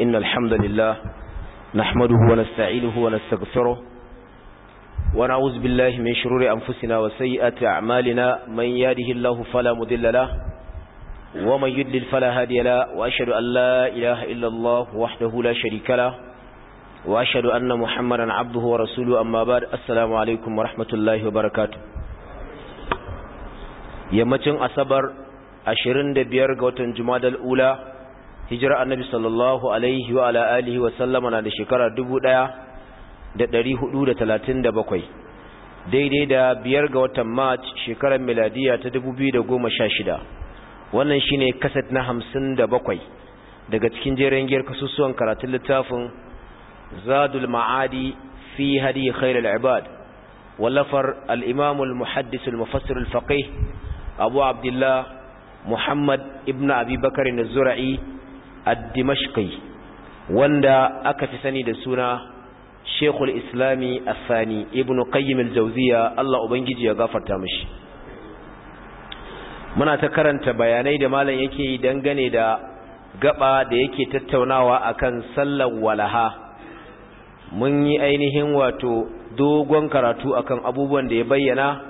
إن الحمد لله نحمده ونستعينه ونستغفره ونعوذ بالله من شرور أنفسنا وسيئات أعمالنا من يهده الله فلا مضل له ومن يدلل فلا هادي له وأشهد أن لا إله إلا الله وحده لا شريك له وأشهد أن محمدا عبده ورسوله أما بعد السلام عليكم ورحمة الله وبركاته يمتن أصبر أشرين دبير قوة جماد الأولى hijira annabi sallallahu alaihi wa ala alihi wa sallama na da shekara 1437 daidai da biyar ga watan march shekarar miladiya ta 2016 wannan shine kaset na 57 daga cikin jerin giyar kasusuwan karatun littafin zadul ma'adi fi hadi khairul ibad wallafar al-imam al-muhaddis al-mufassir al-faqih abu abdullah muhammad ibnu abi bakr az-zura'i ad wanda aka fi sani da suna shekul islami asani ibn qayyim jauziya Allah ubangiji ya gafarta mishi muna ta karanta bayanai da malam yake yi dangane da gaba da yake tattaunawa akan sallar walaha mun yi ainihin wato dogon karatu akan abubuwan da ya bayyana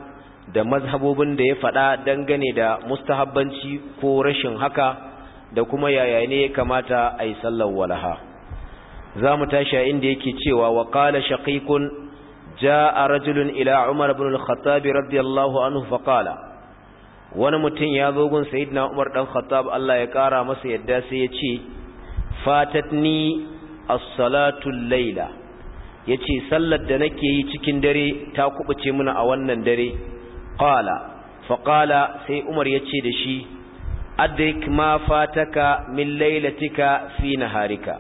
da mazhabobin da ya faɗa dangane da mustahabbanci ko rashin haka da kuma yaya ne ya kamata a yi sallar walaha za mu tashi a inda yake cewa wa qala ja jaa rajulun ila umar ibn al-khattab radiyallahu anhu fa ƙala. wani mutum ya zo gun sayyidina umar ɗan khattab Allah ya ƙara masa yadda sai ya ce ni as-salatu Laila. laila yace sallar da nake yi cikin dare ta kuɓuce mana a wannan dare Ƙala, fa ƙala, sai umar yace da shi adrik ma fataka min lailatika fi naharika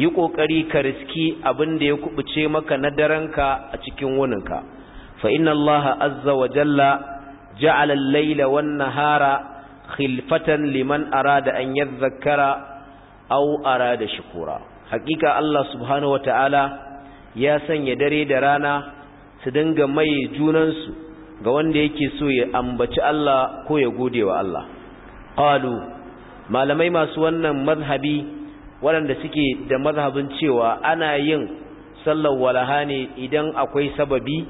yi kokari ka riski abin da ya kubuce maka na daranka a cikin wuninka fa inna allaha azza wa jalla ja'ala al-laila wan nahara khilfatan liman arada an yadhakkara aw arada shukura hakika allah subhanahu wa ta'ala ya sanya dare da rana su dinga mai junansu ga wanda yake so ya ambaci Allah ko ya gode wa Allah qalu malamai masu wannan mazhabi waɗanda suke da mazhabin cewa ana yin sallar walaha ne idan akwai sababi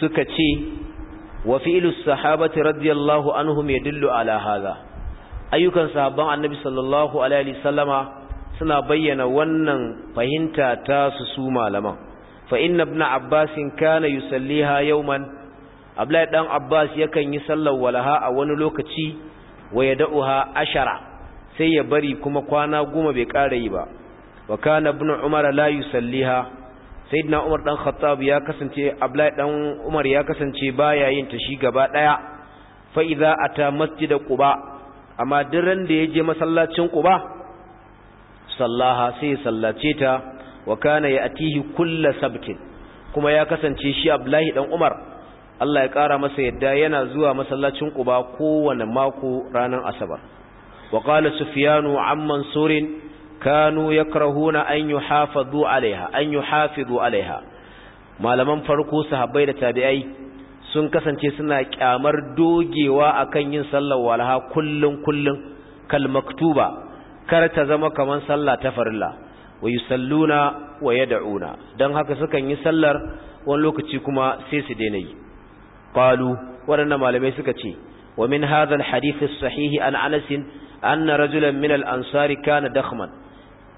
suka ce wa fi'lu sahabati radiyallahu anhum yadullu ala hadha ayyukan sahabban annabi sallallahu alaihi wasallama suna bayyana wannan fahimta ta su su malaman fa inna ibn abbas kana yusalliha yawman abdullahi dan abbas yakan yi sallar walaha a wani lokaci wa yad'uha ashara sai ya bari kuma kwana goma bai ƙara yi ba wa kana ibn umar la yusalliha sayyidina umar dan khattab ya kasance abdullahi dan umar ya kasance baya yin ta shi gaba daya fa idza ata masjid quba amma duran da yaje masallacin quba sallaha sai sallace ta wa kana ya'tihi kullu sabtin kuma ya kasance shi abdullahi dan umar Allah ya ƙara masa yadda yana zuwa masallacin Quba kowane mako ranar Asabar wa qala Sufyanu an kanu yakrahuna an yuhafadhu alaiha an yuhafidhu alaiha malaman farko sahabbai da tabi'ai sun kasance suna kyamar dogewa akan yin sallar walaha kullun kullun kal maktuba kar ta zama kaman sallah ta farilla wa yusalluna wa yad'una dan haka sukan yi sallar wani lokaci kuma sai su daina yi qalu waɗannan malamai suka ce wa min hadha alhadith as-sahih an Anas anna rajulan min al kana dakhman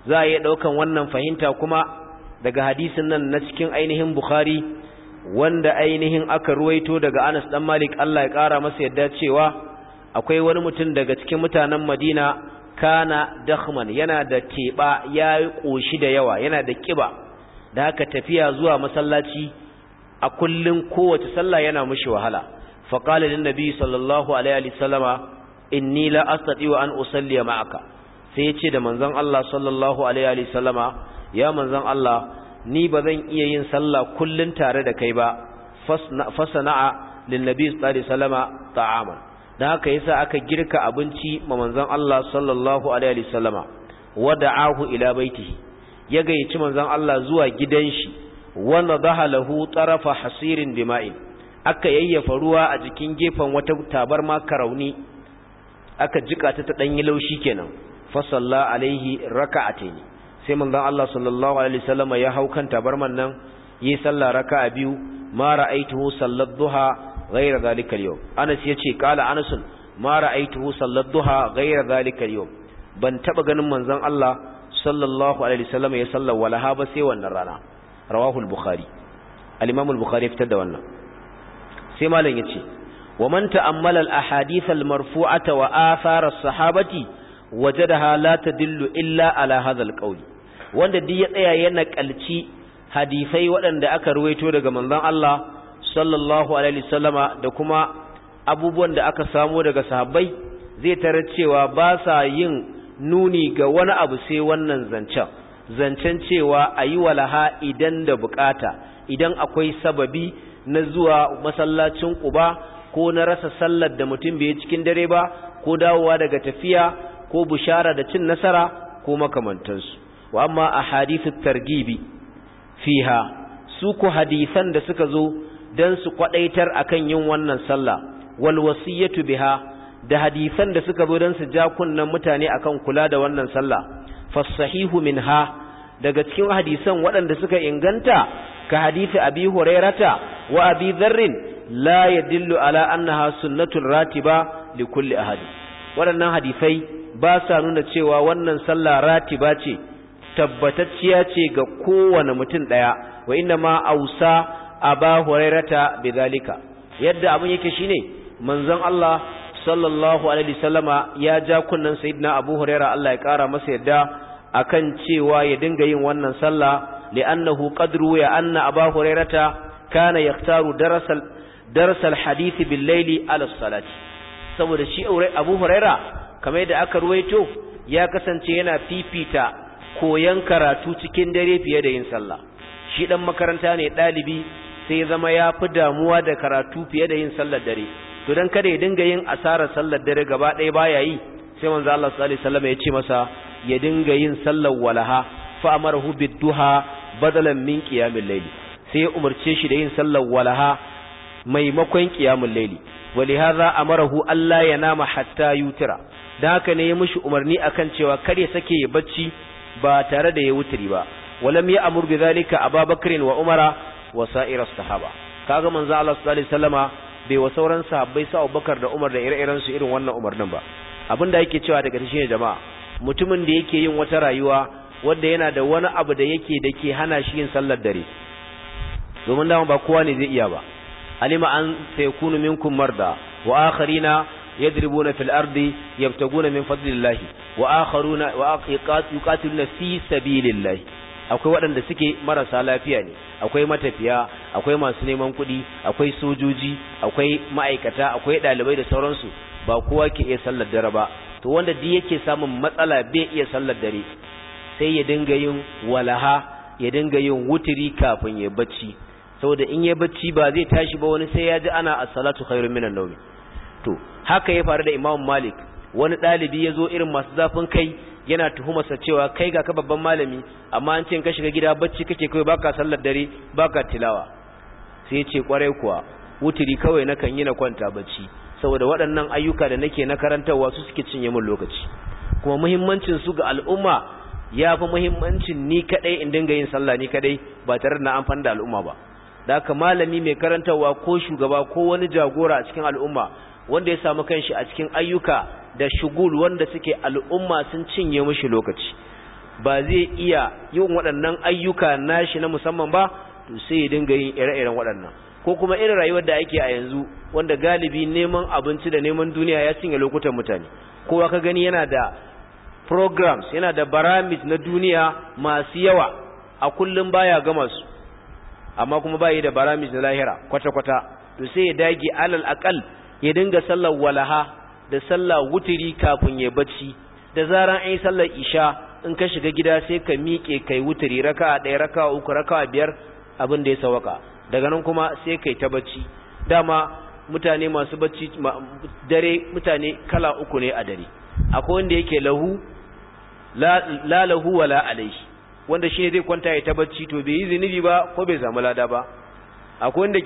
za ya ɗaukan wannan fahimta kuma daga hadisin nan na cikin ainihin Bukhari wanda ainihin aka ruwaito daga Anas dan Malik Allah ya kara masa yadda cewa akwai wani mutum daga cikin mutanen Madina kana dakhman yana da teba yayi koshi da yawa yana da kiba da haka tafiya zuwa masallaci a kullun kowace sallah yana mushi wahala fa qala lin nabi sallallahu alaihi wa sallama inni la astati wa an usalli ma'aka sai ya ce da manzon Allah sallallahu alaihi wa sallama ya manzon Allah ni ba zan iya yin sallah kullun tare da kai ba fasana'a lin nabi sallallahu alaihi wa sallama ta'aman dan haka yasa aka girka abinci ma manzon Allah sallallahu alaihi wa sallama wada'ahu ila baitihi ya gayyaci manzon Allah zuwa gidan shi wanda zahalahu tsarafa hasirin bima'in aka yayyafa ruwa a jikin gefen wata tabarma karauni aka jika ta ta danyi laushi kenan fasalla alaihi raka a raka'atayn sai manzon Allah sallallahu alaihi wasallam ya hau kan tabarman nan yi sallah raka a biyu ma ra'aituhu sallat duha gaira zalika al-yawm Anas yace qala Anas ma ra'aituhu sallat duha gaira zalika al-yawm ban taɓa ganin manzon Allah sallallahu alaihi wasallam ya sallar walaha ba sai wannan rana rawahu al-bukhari al-imam al-bukhari fitar da wannan sai malam yace wa man ta'ammala al-ahadith al-marfu'ata wa athar as-sahabati wajadaha la tadillu illa ala hadha al-qawl wanda duk ya tsaya yana kalci hadisai waɗanda aka ruwaito daga manzon Allah sallallahu alaihi wasallama da kuma abubuwan da aka samo daga sahabbai zai tarar cewa ba sa yin nuni ga wani abu sai wannan zancen zancen cewa a yi walaha idan da bukata idan akwai sababi na zuwa masallacin ƙuba ko na rasa sallar da mutum bai cikin dare ba ko dawowa daga tafiya ko bushara da cin nasara ko makamantansu wa amma a hadithu targibi fiha su ku hadisan da suka zo don su kwadaitar akan yin wannan sallah wal wasiyatu biha da hadisan da suka zo don su ja kunnan mutane akan kula da wannan sallah fasahihu minha daga cikin hadisan waɗanda suka inganta ka hadisi abi hurairata wa abi dharrin la yadillu ala annaha sunnatun ratiba li kulli ahad waɗannan hadisai ba sa nuna cewa wannan sallah ratiba ce tabbatacciya ce ga kowane mutum ɗaya wa inna ma ausa aba hurairata bidhalika yadda abin yake shine manzon Allah sallallahu alaihi wasallama ya ja kunnan sayyidina Abu Huraira Allah ya kara masa yadda akan cewa ya dinga yin wannan sallah li'annahu qadru ya anna Abu Hurairata kana yaktaru darasal darasal hadisi bil layli ala salati saboda shi Abu Huraira kamar yadda aka ruwaito ya kasance yana fifita koyan karatu cikin dare fiye da yin sallah shi dan makaranta ne dalibi sai zama ya fi damuwa da karatu fiye da yin sallar dare to dan kada ya dinga yin asarar sallar dare gaba ɗaya baya yi sai manzo Allah sallallahu alaihi wasallam ya ce masa ya dinga yin sallar walaha fa amarahu bidduha badalan min qiyamil layli sai ya umarce shi da yin sallar walaha maimakon qiyamul layli walihaza amarahu Allah ya nama hatta yutira da haka ne ya mishi umarni akan cewa kar ya sake ya bacci ba tare da ya wuturi ba walam ya amur bi zalika ababakrin wa umara wa sa'ir as-sahaba kaga manzo Allah sallallahu alaihi wasallama bai wa sauran sahabbai sa Abubakar da Umar da ire-iren su irin wannan umarnin ba da yake cewa daga shine jama'a mutumin da yake yin wata rayuwa wanda yana da wani abu da yake da ke hana shi yin sallar dare domin dama ba kowa ne zai iya ba alima an sayakunu minkum marda wa akharina yadribuna fil ardi yabtaguna min fadlillahi wa akharuna wa yuqatiluna fi sabilillahi akwai waɗanda suke marasa lafiya ne akwai matafiya akwai masu neman kuɗi akwai sojoji akwai ma'aikata akwai ɗalibai da sauransu ba kowa ke iya sallar dare ba to wanda duk yake samun matsala bai iya sallar dare sai ya dinga yin walaha ya dinga yin wuturi kafin ya bacci saboda in ya bacci ba zai tashi ba wani sai ya ji ana as-salatu khairun minan nawmi to haka ya faru da imamu Malik wani ɗalibi ya zo irin masu zafin kai yana tuhumarsa cewa kai ga ka babban malami amma an ce ka shiga gida bacci kake kai baka sallar dare baka tilawa sai ce kwarai kuwa wuturi kawai nakan yi na kwanta bacci saboda waɗannan ayyuka da nake na karantarwa su suke cinye min lokaci kuma muhimmancin su ga al'umma ya fi muhimmancin ni kadai in dinga yin sallah ni kadai ba tare da na amfani da al'umma ba da haka malami mai karantarwa ko shugaba ko wani jagora a cikin al'umma wanda ya samu kanshi a cikin ayyuka da shugul wanda suke al'umma sun cinye mishi lokaci ba zai iya yin waɗannan ayyuka nashi na musamman ba to sai ya dinga yin ire-iren waɗannan ko kuma irin rayuwar da ake a yanzu wanda galibi neman abinci da neman duniya ya cinye lokutan mutane kowa ka gani yana da programs yana da baramis na duniya masu yawa a kullum baya gama su amma kuma bai da baramis na lahira kwata-kwata to sai ya dage alal akal ya dinga sallar walaha da sallah wutiri kafin ya bacci da zaran an yi sallar isha in ka shiga gida sai ka miƙe kai wutiri raka ɗaya raka uku raka biyar abin da ya sawaka daga nan kuma sai kai ta bacci dama mutane masu bacci dare mutane kala uku ne a dare akwai wanda yake lahu la lahu wala alaihi wanda shi zai kwanta ya ta bacci to bai yi zunubi ba ko bai samu lada ba akwai wanda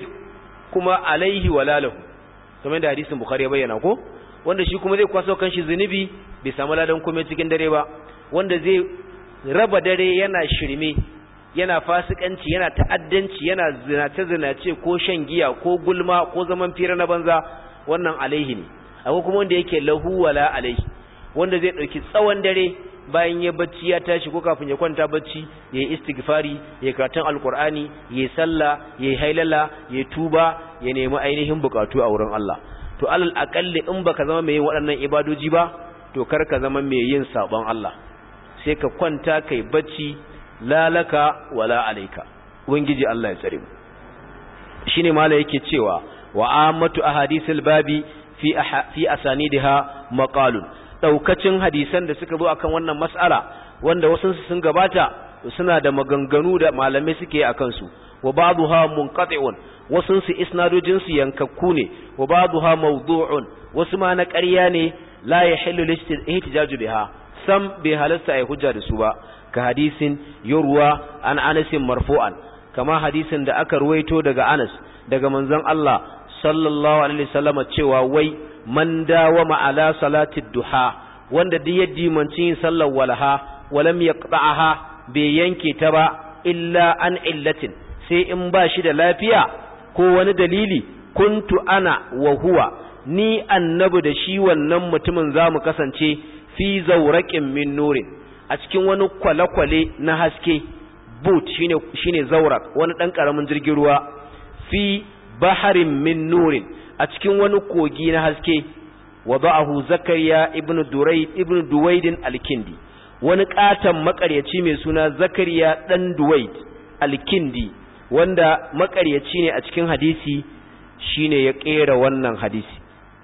kuma alaihi wala lahu kamar da hadisin bukhari ya bayyana ko wanda shi kuma zai kwaso shi zunubi bai samu ladan komai cikin dare ba wanda zai raba dare yana shirme yana fasikanci yana ta'addanci yana zinace zinace ko shan giya ko gulma ko zaman fira na banza wannan alaihi ne akwai kuma wanda yake lahu wala alaihi wanda zai ɗauki tsawon dare bayan ya bacci ya tashi ko kafin ya kwanta bacci ya yi istighfari ya karatun alkur'ani ya yi sallah ya yi hailala ya tuba ya nemi ainihin bukatu a wurin Allah to alal aqalli in baka zama mai yin waɗannan ibadoji ba to kar ka zama mai yin sabon Allah sai ka kwanta kai bacci lalaka wala alayka ubangiji Allah ya tsare mu shine mala yake cewa wa amatu ahadisil babi fi fi asanidha maqalun daukacin hadisan da suka zo akan wannan mas'ala wanda wasu sun gabata suna da maganganu da malamai suke akan su wa ba'dha munqati'un wasu su isnadojin su yankakku ne wa ba'dha mawdu'un wasu ma na ƙarya ne la yahillu lihtijaju biha sam bai halasta ai hujja da su ba ka hadisin yurwa an Anas marfu'an kamar hadisin da aka ruwaito daga Anas daga manzon Allah sallallahu alaihi wasallam cewa wai man dawama ala salati duha wanda duk ya dimanci yin sallar walha walam yaqta'aha bai yanke ta ba illa an illatin sai in ba shi da lafiya ko wani dalili kuntu ana wa huwa ni annabu da shi wannan mutumin za mu kasance fi zauraƙin min nurin a cikin wani kwale-kwale na haske boot shine shine zaurak wani ɗan ƙaramin jirgin ruwa fi baharin min nurin a cikin wani kogi na haske wada'ahu zakariya ibn durai ibn duwaidin alkindi wani katon makaryaci mai suna zakariya Ɗan duwaid alkindi wanda makaryaci ne a cikin hadisi shine ya kera wannan hadisi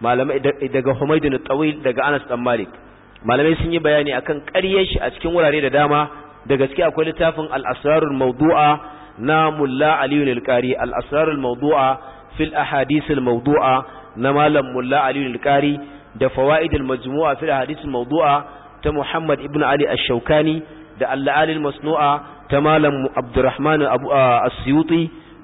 malamai daga Humaydun Tawil daga Anas dan Malik malamai sun yi bayani akan ƙaryar shi a cikin wurare da dama da gaske akwai littafin al-asrarul mawdu'a na Mulla Aliyu al-Qari al-asrarul mawdu'a fil mawdua na malam Mulla Aliyu al-Qari da fawaid majmua fil maudu'a mawdua ta Muhammad ibn Ali ash-Shawkani da al-ali al-masnu'a ta malam abdurrahman abu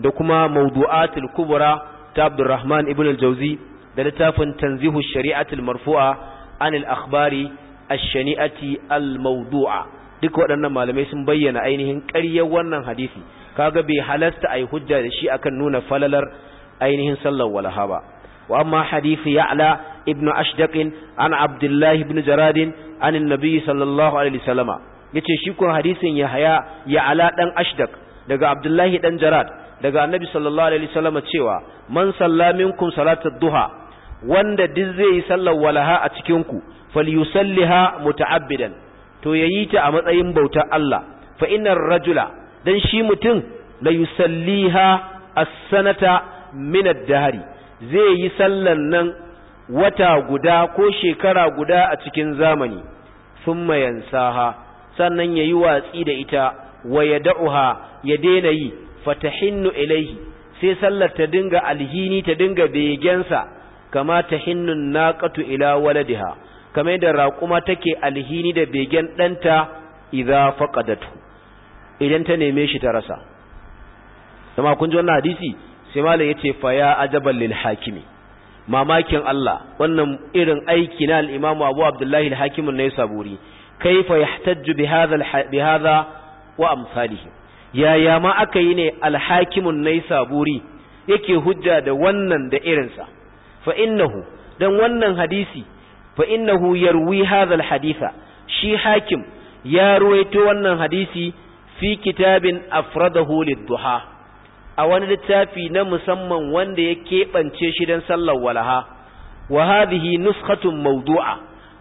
da kuma mawdu'atul kubra ta abdurrahman ibn al-jawzi da littafin tanzihu shari'atul marfu'a anil akhbari ash-shani'ati al-mawdu'a duk waɗannan malamai sun bayyana ainihin ƙaryar wannan hadisi kaga bai halasta ai hujja da shi akan nuna falalar ainihin sallar walaha ba wa amma hadisi ya'la ibnu ashdaq an abdullah ibn jarad an annabi sallallahu alaihi wasallama yace shi kun hadisin Yahya ya ala dan Ashdak daga Abdullahi dan Jarad daga Annabi sallallahu alaihi wasallam cewa man salla minkum salatul duha wanda duk zai yi sallar walaha a cikin ku falyusalliha muta'abbidan to yayi ta a matsayin bautar Allah fa innar rajula dan shi mutum la yusalliha as-sanata min ad-dahri zai yi sallan nan wata guda ko shekara guda a cikin zamani thumma yansaha sannan ya yi watsi da ita wa ya yad'uha ya daina yi hinnu ilaihi sai sallar ta dinga alhini ta dinga begensa kama tahinnun naqatu ila waladiha kamar da raƙuma take alhini da begen ɗanta idza faqadatu idan ta neme shi ta rasa kuma kun ji wannan hadisi sai malam yace fa ya ajaban lil hakimi mamakin Allah wannan irin aiki na al-Imam Abu Abdullah al-Hakim an-Naisaburi kaifa yahtaju bihadha wa amsalihi yaya ma aka yi ne alhakimun Buri yake hujja da wannan da irinsa fa innahu dan wannan hadisi fa innahu yarwi hadha alhaditha shi hakim ya ruwaito wannan hadisi fi kitabin afradahu lidduha a wani littafi na musamman wanda ya keɓance shi don sallar walaha wa hadhihi nuskhatun mawdu'a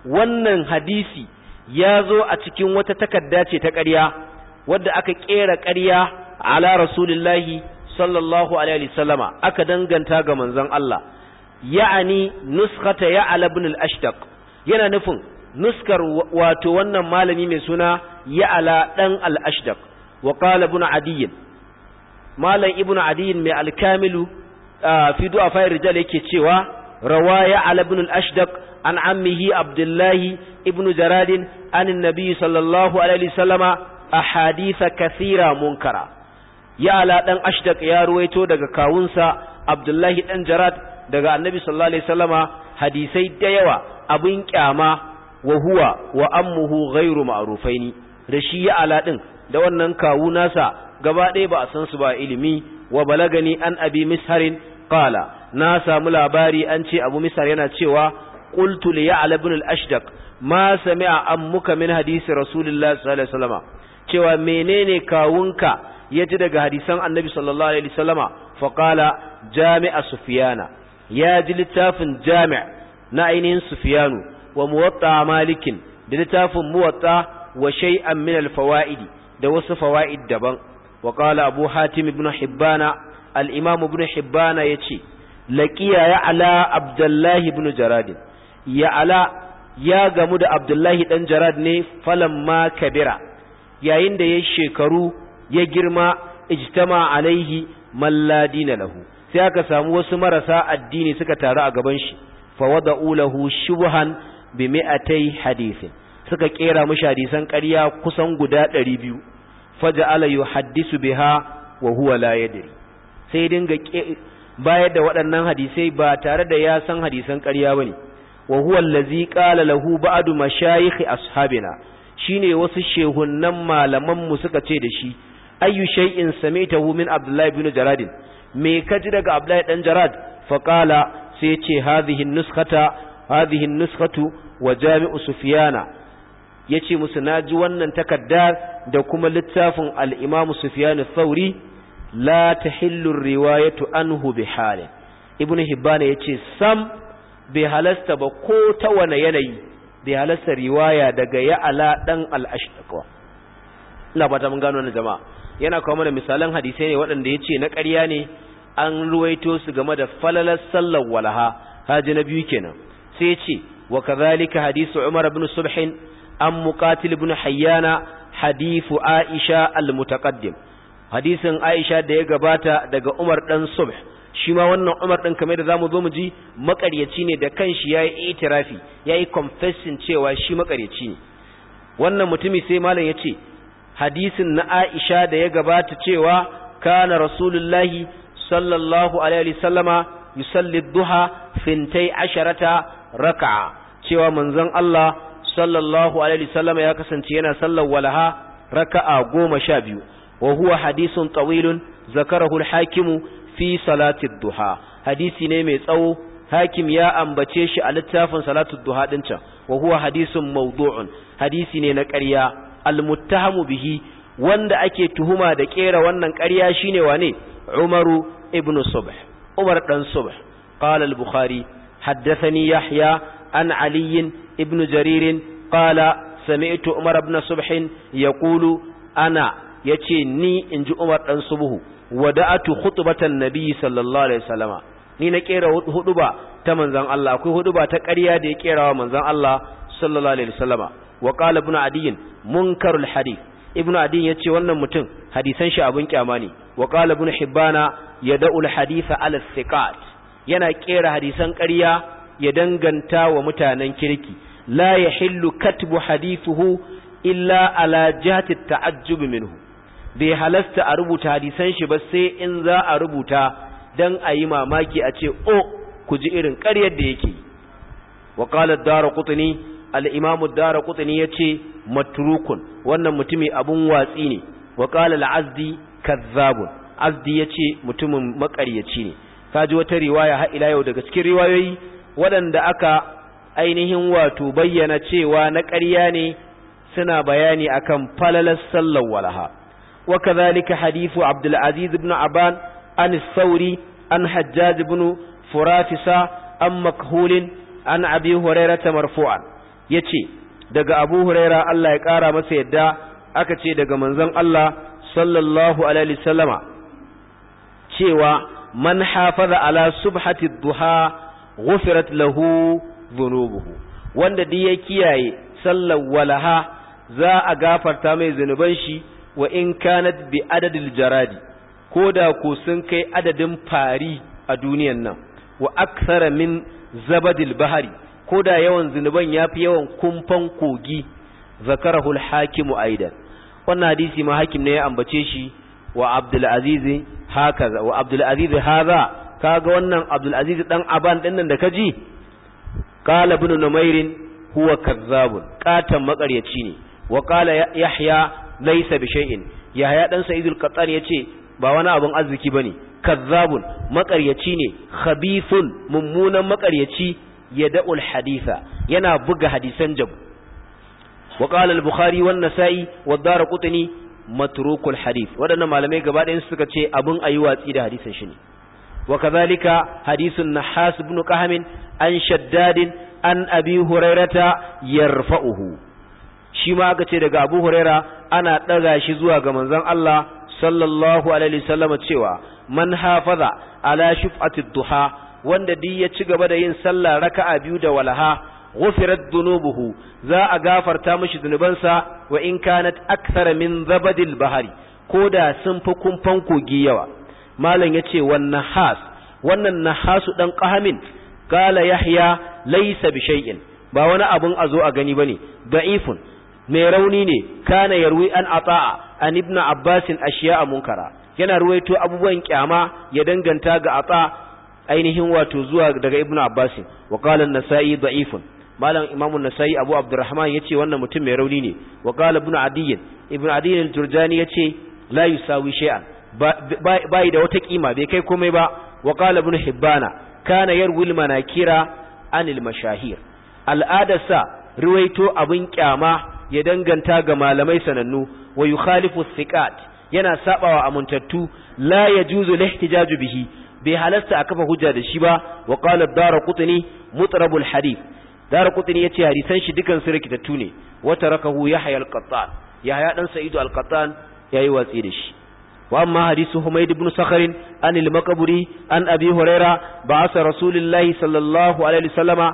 wannan hadisi ya zo a cikin wata takarda ce ta ƙarya wadda aka ƙera ƙarya ala rasulillahi sallallahu alaihi wasallama aka danganta ga manzon Allah ya'ani nuskhata ya'la ibn al-ashtaq yana nufin nuskar wato wannan malami mai suna ya'ala dan al-ashtaq wa qala ibn adiy malam ibn adiy mai al-kamilu ah, fi du'a fa rijal yake cewa رواية على ابن الأشدق عن عمه عبد الله ابن جراد عن النبي صلى الله عليه وسلم أحاديث كثيرة منكرة يا على أن أشدق يا رويتو دقا كاونسا عبد الله أن جراد دقا النبي صلى الله عليه وسلم حديثي ديوا أبين كاما وهو وأمه غير معروفين رشي على أن دوانا كاوناسا gaba ɗaya ba a san su ba ilimi wa balagani an abi misharin qala na samu labari an ce abu misar yana cewa qultu li ya'la ibn al-ashdaq ma sami'a ammuka min hadisi rasulillahi sallallahu alaihi wasallam cewa menene kawunka ya ji daga hadisan annabi sallallahu alaihi wasallama fa qala jami'a sufyana ya ji littafin jami' na ainihin sufyanu wa muwatta malikin da littafin muwatta wa shay'an min al-fawaidi da wasu fawaid daban wa qala abu hatim ibn hibbana al-imam ibn hibban yace laqiya ya ala abdullahi ibn jarad ya ala ya gamu da abdullahi dan jarad ne falamma kabira yayin da ya shekaru ya girma ijtama alaihi na lahu sai aka samu wasu marasa addini suka taru a gaban shi fa wada'u lahu shubhan bi mi'atay hadithin suka kera mishi hadisan ƙarya kusan guda ɗari 200 faja'ala yuhaddisu biha wa huwa la yadri sai dinga bayar da waɗannan hadisai ba tare da ya san hadisan ƙarya ba ne wa huwa allazi qala lahu ba'du mashayikh ashabina shine wasu shehunnan malaman mu suka ce da shi ayyu shay'in sami'tahu min abdullahi ibn jarad me ka ji daga abdullahi dan jarad fa qala sai ce hadhihi nuskhata hadhihi nuskhatu wa jami'u sufyana yace musu naji wannan takaddar da kuma littafin al-imam sufyan ath la تحل riwayatu anhu bi ابن ibn ya سم sam bai halasta ba ko ta wani yanayi bai halasta riwaya daga ya ala dan yana kawo mana misalan hadisai ne waɗanda yace na ƙarya ne an ruwaito su game da falalar sallar walaha haji na biyu kenan sai ya ce wa kazalika hadisu umar ibn subhin an muqatil ibn hayyana hadithu aisha al-mutaqaddim hadisin Aisha da ya gabata daga Umar ɗan Subh shi ma wannan Umar ɗan kamar da zamu zo mu ji makaryaci ne da kanshi yayi itirafi yayi confessing cewa shi makaryaci ne wannan mutumi sai malam ya ce. hadisin na Aisha da ya gabata cewa kana rasulullahi sallallahu alaihi wasallama yusalli duha fintai asharata raka'a cewa manzon Allah sallallahu alaihi wasallama ya kasance yana sallar walaha raka'a goma sha biyu wa huwa hadisun tawilun zakarahu al-hakimu fi salati duha hadisi ne mai tsawo hakim ya ambace shi a littafin salatu duha din can wa huwa hadisun mawdu'un hadisi ne na ƙarya al-muttahamu bihi wanda ake tuhuma da kera wannan karya shine wane Umaru ibn Subh Umar dan Subh qala al-Bukhari haddathani Yahya an Ali ibn Jaririn qala sami'tu Umar ibn Subh yaqulu ana yace ni inji Umar ɗan Subhu wada'atu khutbatan nabi sallallahu alaihi wasallama ni na kera huduba ta manzon Allah akwai huduba ta ƙarya da ya kera wa manzon Allah sallallahu alaihi wasallama wa qala ibn adiy munkarul hadith ibn adiy yace wannan mutum hadisan shi abun kyama ne wa qala ibn hibbana yad'u al hadith ala thiqat yana kera hadisan ƙarya ya danganta wa mutanen kirki la yahillu katbu hadithuhu illa ala jihati ta'ajjub minhu bai halasta a rubuta hadisan shi ba sai in za a rubuta dan a yi mamaki a ce o oh, ku ji irin ƙaryar da yake wa qala ad-darqutni al-imam ad ya yace matrukun wannan mutumi abun watsi ne wa qala al-azdi kazzabun azdi yace mutumin makaryaci ne ji wata riwaya har ila yau daga cikin riwayoyi waɗanda aka ainihin wato bayyana cewa na ƙarya ne suna bayani akan falalar sallar walaha وكذلك حديث عبد العزيز بن عبان عن الثوري عن حجاج بن فرافسة عن مكهول عن أبي هريرة مرفوعا يتي دق أبو هريرة الله يكارى مسيدا أكتي دق منزن الله صلى الله عليه وسلم تيوى من حافظ على سبحة الضحى غفرت له ذنوبه wanda duk ya kiyaye sallar walaha za a gafarta mai zunuban shi wa in kanat bi adadil jaradi ko da ko sun kai adadin fari a duniyan nan wa aksara min zabadil bahari ko da yawan zinuban yafi yawan kumfan kogi zakarahul hakimu aidan wannan hadisi ma hakim ne ya ambace shi wa abdul aziz haka wa abdul aziz haza kaga wannan abdul aziz dan aban din nan da kaji qala ibn numair huwa kazzabun katan makaryaci ne wa qala yahya laysa bi shay'in yahya dan sa'idul qattan yace ba wani abun arziki bane kazzabun makaryaci ne khabithun mummunan makaryaci yada'ul haditha yana buga hadisan jabu wa qala al-bukhari wan nasa'i wa darqutni matrukul hadith wadannan malamai gaba ɗayan suka ce abun ayi watsi da hadisan shi ne wa kadhalika hadithun nahas ibn qahm an shaddad an abi hurairata yarfa'uhu shi ma aka ce daga Abu Huraira ana ɗaga shi zuwa ga manzon Allah sallallahu alaihi wasallam cewa man hafaza ala shuf'ati duha wanda duk ya ci gaba da yin sallah raka'a biyu da walaha ghufirat dunubuhu za a gafarta mishi zunubansa wa in kanat akthara min zabadil bahari koda sun fi kumfan kogi yawa malam yace wannan has wannan nahasu dan qahamin qala yahya laysa bi shay'in ba wani abun a zo a gani bane da'ifun mai rauni ne kana yarwi an ata'a an ibn abbas ashiya'a munkara yana ruwaito abubuwan kyama ya danganta ga ata ainihin wato zuwa daga ibn abbas wa qala an-nasa'i da'ifun malam imamu an-nasa'i abu abdurrahman yace wannan mutum mai rauni ne wa qala ibn adiy ibn adiy al-jurjani yace la yusawi shay'an bai da wata kima bai kai komai ba wa qala ibn hibbana kana yarwi al-manakira anil mashahir sa ruwaito abin kyama ya danganta ga malamai sanannu wa yukhalifu thiqat yana sabawa amuntattu la yajuzu lihtijaju bihi bai halasta a kafa hujja da shi ba wa qala ad-darqutni mutrabul hadith darqutni yace hadisan shi dukan su rikitattu ne wa tarakahu yahya al-qattan yahya dan sa'idu al-qattan yayi watsi da shi وأما حديث حميد بن an عن المقبري عن أبي هريرة بعث رسول الله صلى الله عليه وسلم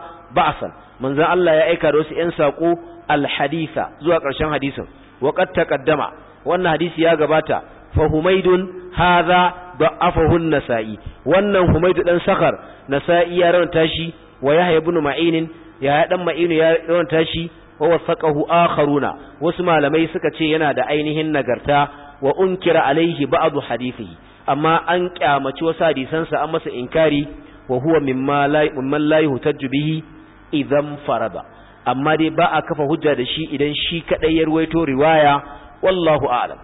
Allah ya aika da wasu yan إنساقو Alhadisa zuwa ƙarshen hadisin waƙar qad wannan hadisi ya gabata fa haza hadha da'afahu nasai wannan humaidu ɗan sakar nasa'i ya rawanta shi wa yahya ibn ma'in ya dan ma'in ya rawanta shi wa wasaqahu akharuna wasu malamai suka ce yana da ainihin nagarta wa unkira alaihi ba'du hadisi amma an kyamaci wasu hadisansa an masa inkari wa huwa mimma la mimman la yuhtajju bihi idan farada amma dai ba a kafa hujja da shi idan shi kadai ya ruwaito riwaya wallahu a'lam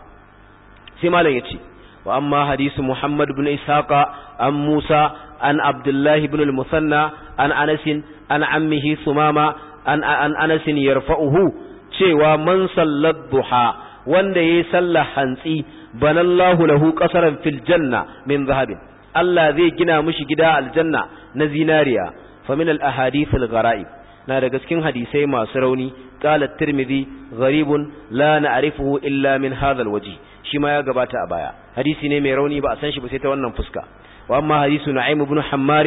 sai malam yace wa amma hadisu muhammad ibn isaqa an musa an abdullah ibn al-musanna an anas an ammihi sumama an an anas yarfa'uhu cewa man sallat wanda yayi sallah hantsi banallahu lahu qasaran fil janna min zahabin Allah zai gina mishi gida aljanna na zinariya fa min al ahadith al gharaib na daga cikin hadisai masu rauni qala tirmidhi gharibun la na'rifuhu illa min hadha waje. shi ma ya gabata a baya hadisi ne mai rauni ba a san shi ba sai ta wannan fuska wa amma hadisu na'im ibn hammar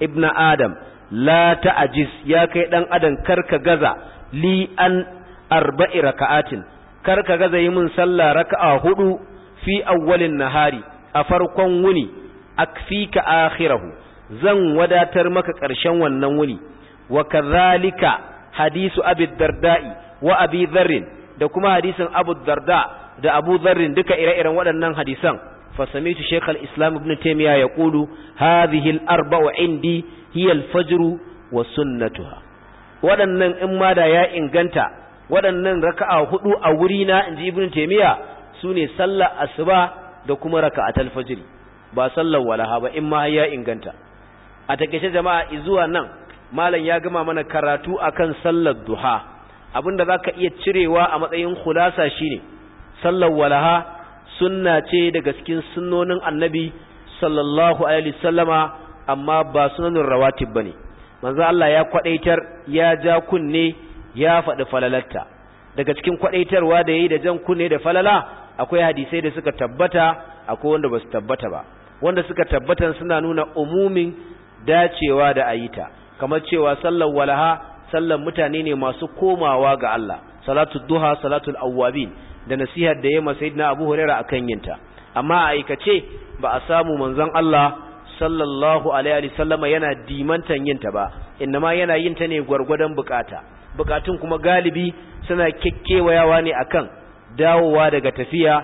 ibn adam la ta'jiz ya kai dan adam karka gaza li an arba'i raka'atin karka gaza yi mun sallah raka'a hudu fi awwalin nahari a farkon wuni akfika akhirahu zan wadatar maka ƙarshen wannan wuni wa kazalika hadisu abi darda'i wa abi da kuma hadisin abu darda da abu dharrin duka ire-iren waɗannan hadisan فسمعت شيخ الإسلام ابن تيمية يقول هذه الأربع عندي هي wa وسنتها waɗannan in ma da ya inganta waɗannan raka'a hudu a wuri in ji ibn taimiya su ne sallar asuba da kuma raka'atul fajr ba sallar walaha ba in ma ya inganta a takeice jama'a zuwa nan malam ya gama mana karatu akan sallar duha abinda zaka iya cirewa a matsayin khulasa shine sallar walaha sunna ce daga cikin sunnonin annabi sallallahu alaihi wasallama amma ba sunanin rawatib bane manzo Allah ya kwadaitar ya ja kunne ya faɗi falalarta daga cikin kwadaitarwa da yayi da jan kunne da falala akwai hadisai da suka tabbata akwai wanda basu tabbata ba wanda suka tabbatan suna nuna umumin dacewa da ayita kamar cewa sallar walaha sallar mutane ne masu komawa ga Allah salatu duha salatul awwabin da nasihar da yema na Abu Hurairah akan yinta amma a aikace ba a samu manzon Allah sallallahu alaihi sallama yana dimantan yinta ba ma yana yin ta ne gwargwadon bukata bukatun kuma galibi suna kekkewayawa ne akan dawowa daga tafiya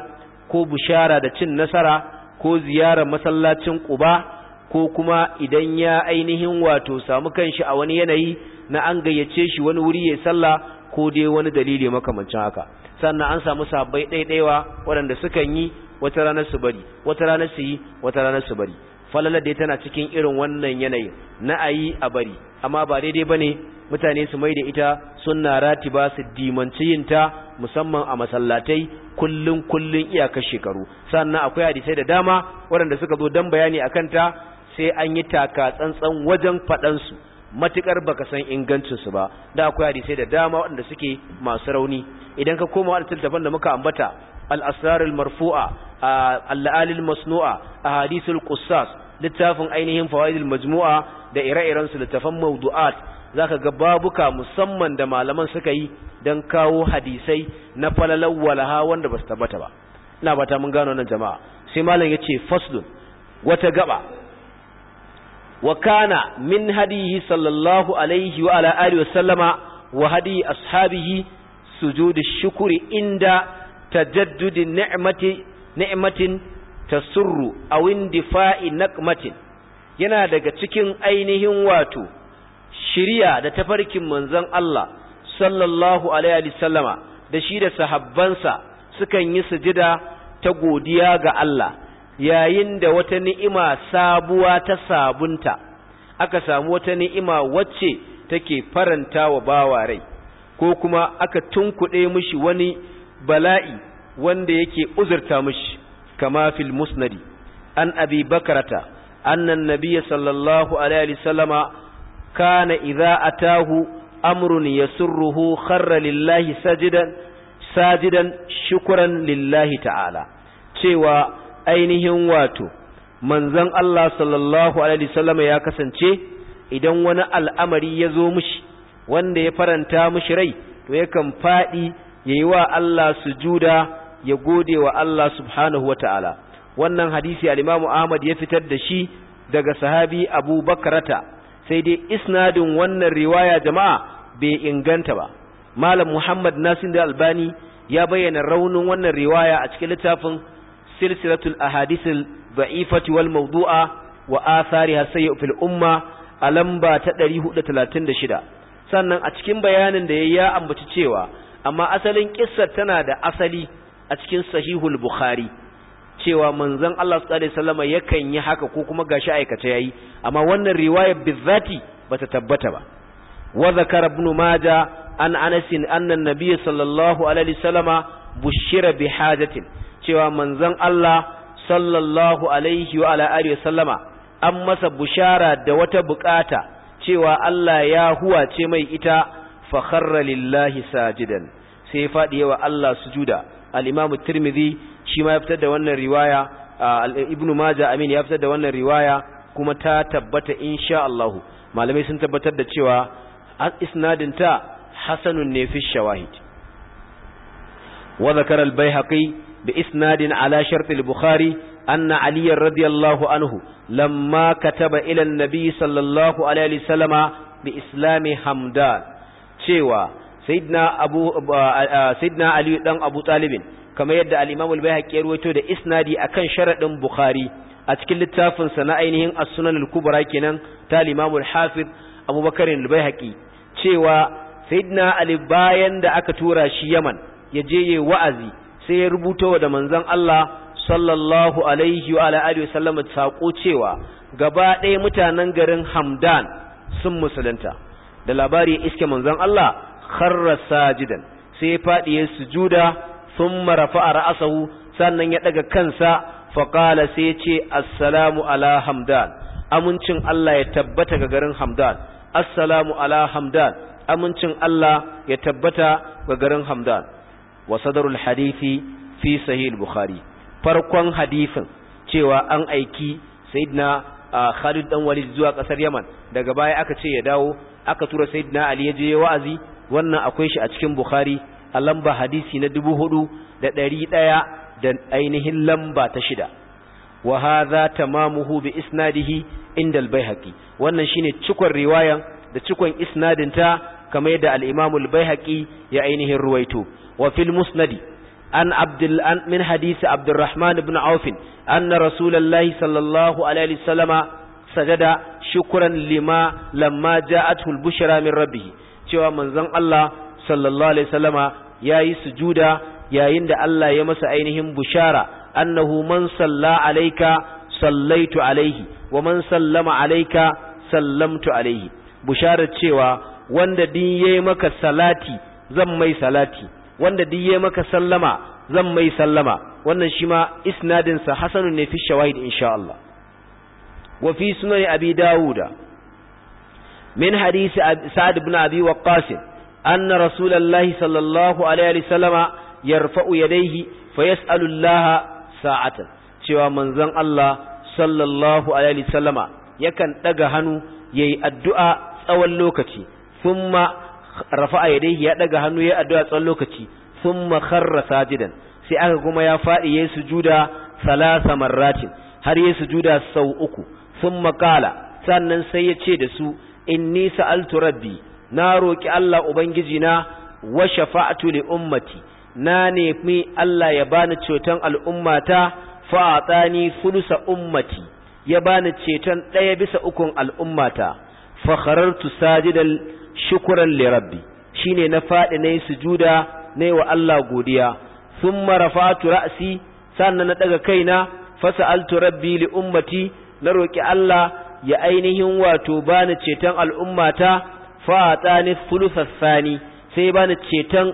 ko bushara da cin nasara ko ziyarar masallacin Quba ko kuma idan ya ainihin wato samu kanshi a wani yanayi na an gayyace shi wani wuri ya sallah ko dai wani dalili makamancin haka sannan an samu sabbai ɗaiɗaiwa waɗanda sukan yi wata ranar su bari wata ranar su yi wata ranar su bari falalar dai tana cikin irin wannan yanayin na a yi a bari amma ba daidai ba ne mutane su mai da ita rati ba su dimanci ta musamman a masallatai kullum kullum iyakar shekaru sannan akwai hadisai da dama waɗanda suka zo don bayani a kanta sai an yi taka tsantsan wajen faɗansu matukar baka san ingancinsu ba da akwai hadisai da dama waɗanda suke masu rauni idan ka koma waɗanda littafan da muka ambata al-asrar al-marfu'a al-la'al ah, al-masnu'a ahadith qussas littafin ainihin fawaidul majmua da ire-iren su littafan mawdu'at zaka ga babuka musamman da malaman suka yi don kawo hadisai na falalar walaha wanda ba su tabbata ba ina bata mun gano nan jama'a sai malam ya ce faslun wata gaba wa kana min hadihi sallallahu alaihi wa ala alihi wa sallama wa hadi ashabihi sujudu shukuri inda tajaddudi ni'mati ni'matin tasurru aw indifa'i naqmatin yana daga cikin ainihin wato shiriya da tafarkin manzon Allah sallallahu alaihi wa sallama da shi da sahabbansa sukan yi sujida ta godiya ga Allah yayin da wata ni'ima sabuwa ta sabunta aka samu wata ni'ima wacce take faranta wa bawa rai ko kuma aka tunkuɗe mishi wani bala'i wanda yake uzurta mishi kama fil musnadi an abi bakarata annan nabiyya sallallahu alaihi wasallama kana idza atahu amrun yasurruhu kharra lillahi sajidan sajidan shukran lillahi ta'ala cewa ainihin wato manzon Allah sallallahu alaihi wasallam ya kasance idan wani al'amari ya zo mishi wanda ya faranta mushi rai to yakan fadi yayi wa Allah sujuda ya gode wa Allah subhanahu wataala wannan hadisi al-Imam Ahmad ya fitar da shi daga sahabi Abu Bakrata sai dai isnadin wannan riwaya jama'a bai inganta ba malam Muhammad Nasir da Albani ya bayyana raunin wannan riwaya a cikin littafin silsilatul ahadisin da'ifati wal mawdu'a wa athariha sayyi umma a lamba ta 436 sannan a cikin bayanin da ya yi ya ambaci cewa amma asalin kissar tana da asali a cikin sahihul bukhari cewa manzon Allah sallallahu alaihi yakan yi haka ko kuma gashi aikata yayi amma wannan riwayar bizati bata tabbata ba wa zakara ibn majah an anas anna an-nabiy sallallahu alaihi wasallama cewa manzon Allah sallallahu alaihi wa ala alihi sallama an masa bushara da wata bukata cewa Allah ya huwa ce mai ita fa kharra lillahi sajidan sai faɗi wa Allah sujuda al-imamu tirmidhi shi ma ya fitar da wannan riwaya ibnu majah amin ya fitar da wannan riwaya kuma ta tabbata insha Allah malamai sun tabbatar da cewa isnadin ta hasanun ne fi shawahid wa zakara al-baihaqi بإسناد على شرط البخاري أن علي رضي الله عنه لما كتب إلى النبي صلى الله عليه وسلم بإسلام حمدان شوى سيدنا أبو سيدنا علي دان أبو طالب كما يدعى الإمام البيهقي يرويته ده إسنادي أكن شرط البخاري a cikin littafinsa na ainihin as-sunan al-kubra kenan ta al-imam al-hafiz abubakar al-baihaqi cewa sayyidina ali bayan da aka tura shi yaman ya je yayi wa'azi sai ya rubuta wa da manzon Allah sallallahu alaihi wa alihi wasallam sako cewa gaba ɗaya mutanen garin Hamdan sun musulunta da labari iske manzon Allah kharra sajidan sai ya fadi ya sujuda thumma rafa'a ra'sahu sannan ya daga kansa qala sai ya ce assalamu ala Hamdan amincin Allah ya tabbata ga garin Hamdan assalamu ala Hamdan amincin Allah ya tabbata ga garin Hamdan wa sadarul hadithi fi sahih bukhari farkon hadifin cewa an aiki sayyidina Khalid dan Walid zuwa kasar Yaman daga baya aka ce ya dawo aka tura sayyidina Ali ya je wa'azi wannan akwai shi a cikin Bukhari a lamba hadisi na 4100 da ainihin lamba ta shida wa hadha tamamuhu bi isnadihi inda al wannan shine cikon riwayan da cikon isnadin ta kamar yadda al-Imam al-Baihaqi ya ainihin ruwaito وفي المسند عن عبد ال... من حديث عبد الرحمن بن عوف أن رسول الله صلى الله عليه وسلم سجد شكرا لما لما جاءته البشرى من ربه cewa manzon Allah sallallahu alaihi wasallama yayi sujuda yayin da Allah ya masa ainihin bushara annahu man salla alayka sallaitu alaihi wa man sallama alayka sallamtu alaihi bushara cewa wanda din yayi maka salati zan mai salati wanda duk yayi maka sallama zan mai sallama wannan shi ma isnadin sa hasanun ne fi shawaid insha Allah wa fi sunan abi dauda min hadisi sa'ad ibn abi waqqas anna rasulullahi sallallahu alaihi wasallama yarfa'u yadayhi fayas'alu Allah sa'atan cewa manzon Allah sallallahu alaihi wasallama yakan daga hannu yayi addu'a tsawon lokaci thumma rafa'a yadayhi ya daga hannu ya addu'a tsawon lokaci thumma kharra sajidan sai aka kuma ya fadi yayi sujuda salasa marratin har yayi sujuda sau uku thumma qala sannan sai ya ce da su inni sa'altu rabbi na roki Allah ubangiji na wa shafa'atu li ummati na nemi Allah ya bani ceton al'ummata fa atani thulusa ummati ya bani ceton daya bisa ukun al'ummata fa kharartu sajidan shukuran lirabbi shine na faɗi na yi sujuda na yi wa Allah godiya sun marafatu ra'asi sannan na ɗaga kaina altu rabbi li ummati na roƙi Allah ya ainihin wato bani ceton al'ummata fa'ata ni sani sai bani ceton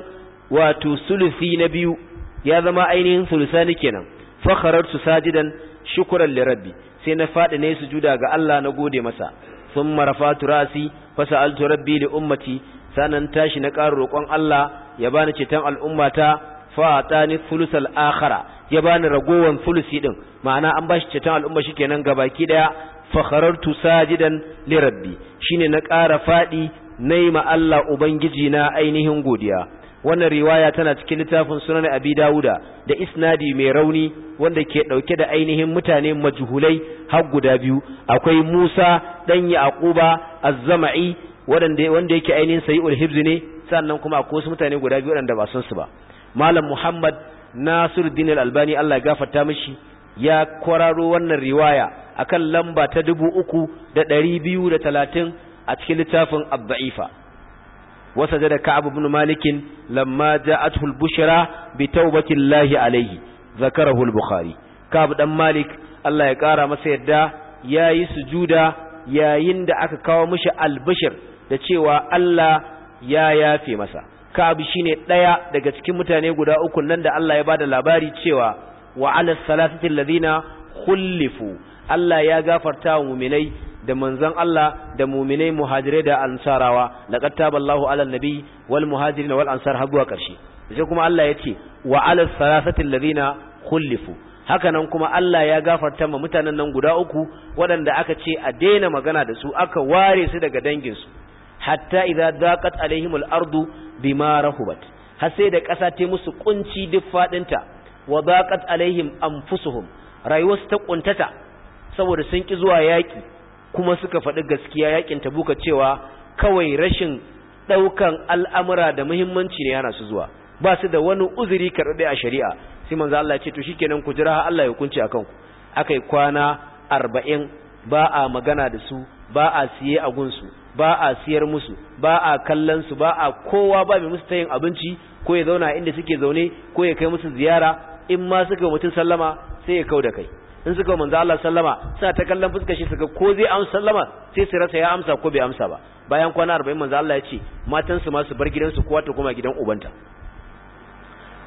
wato sulusi na biyu ya zama ainihin sulusani kenan fakharartu sajidan shukuran lirabbi sai na faɗi na yi sujuda ga Allah na gode masa ثم رفعت رأسي rabbi da ummati, sanan tashi na ƙara roƙon Allah ya bani ceton al'ummata fa'atani fulusal akhara ya bani ragowar fulusi ɗin ma'ana an bashi ceton al'umma shikenan gabaki daya fakharartu sajidan li rabbi shine na ƙara na nayi ma Allah ubangiji na ainihin godiya wannan riwaya tana cikin littafin sunan abi dawuda da isnadi mai rauni wanda ke ɗauke da ainihin mutane majhulai har guda biyu akwai musa ɗan yaquba az-zama'i wanda wanda yake ainihin sayyul hibz ne sannan kuma akwai wasu mutane guda biyu wanda ba san su ba malam muhammad nasiruddin al-albani Allah ya gafarta mishi ya kwararo wannan riwaya akan lamba ta 3230 a cikin littafin ad وسجد كعب بن مالك لما جاءته البشرى بتوبة الله عليه ذكره البخاري كعب بن مالك الله يقارى مسيدا يا يسجودا يا يند أكاو مش البشر da cewa Allah ya yafe masa Ka'ab shine ɗaya daga cikin mutane guda uku nan da Allah ya da labari cewa wa ala salatati alladhina Allah ya gafarta wa mu'minai da manzon Allah da mu'minai muhajirai da ansarawa laqad taballahu alal nabi wal muhajirin wal ansar har zuwa karshe sai kuma Allah ya ce wa alal salasati alladhina khulifu hakanan kuma Allah ya gafarta ma mutanen nan guda uku waɗanda aka ce a daina magana da su aka ware su daga dangin su hatta idza daqat alaihimul ardu bima rahubat har sai da ƙasa ta musu kunci duk fadinta wa daqat alaihim anfusuhum rayuwarsu ta kuntata saboda sun ki zuwa yaki kuma suka faɗi gaskiya yakin tabuka cewa kawai rashin ɗaukan al'amura da muhimmanci ne yana su zuwa ba su da wani uzuri karɗe a shari'a sai manzo Allah ya ce to shikenan ku jira Allah ya a akan ku akai kwana arba'in ba a magana da su ba a siye a gunsu ba a siyar musu ba a kallon su ba a kowa ba mai musu tayin abinci ko ya zauna inda suke zaune ko ya kai musu ziyara in ma suka mutum sallama sai ya kau da kai in suka manzo Allah sallama suna ta kallon fuskar shi suka ko zai amsa sallama sai su rasa ya amsa ko bai amsa ba bayan kwana 40 manzo Allah ya ce matan su ma su bar gidansu kowa ta koma gidan ubanta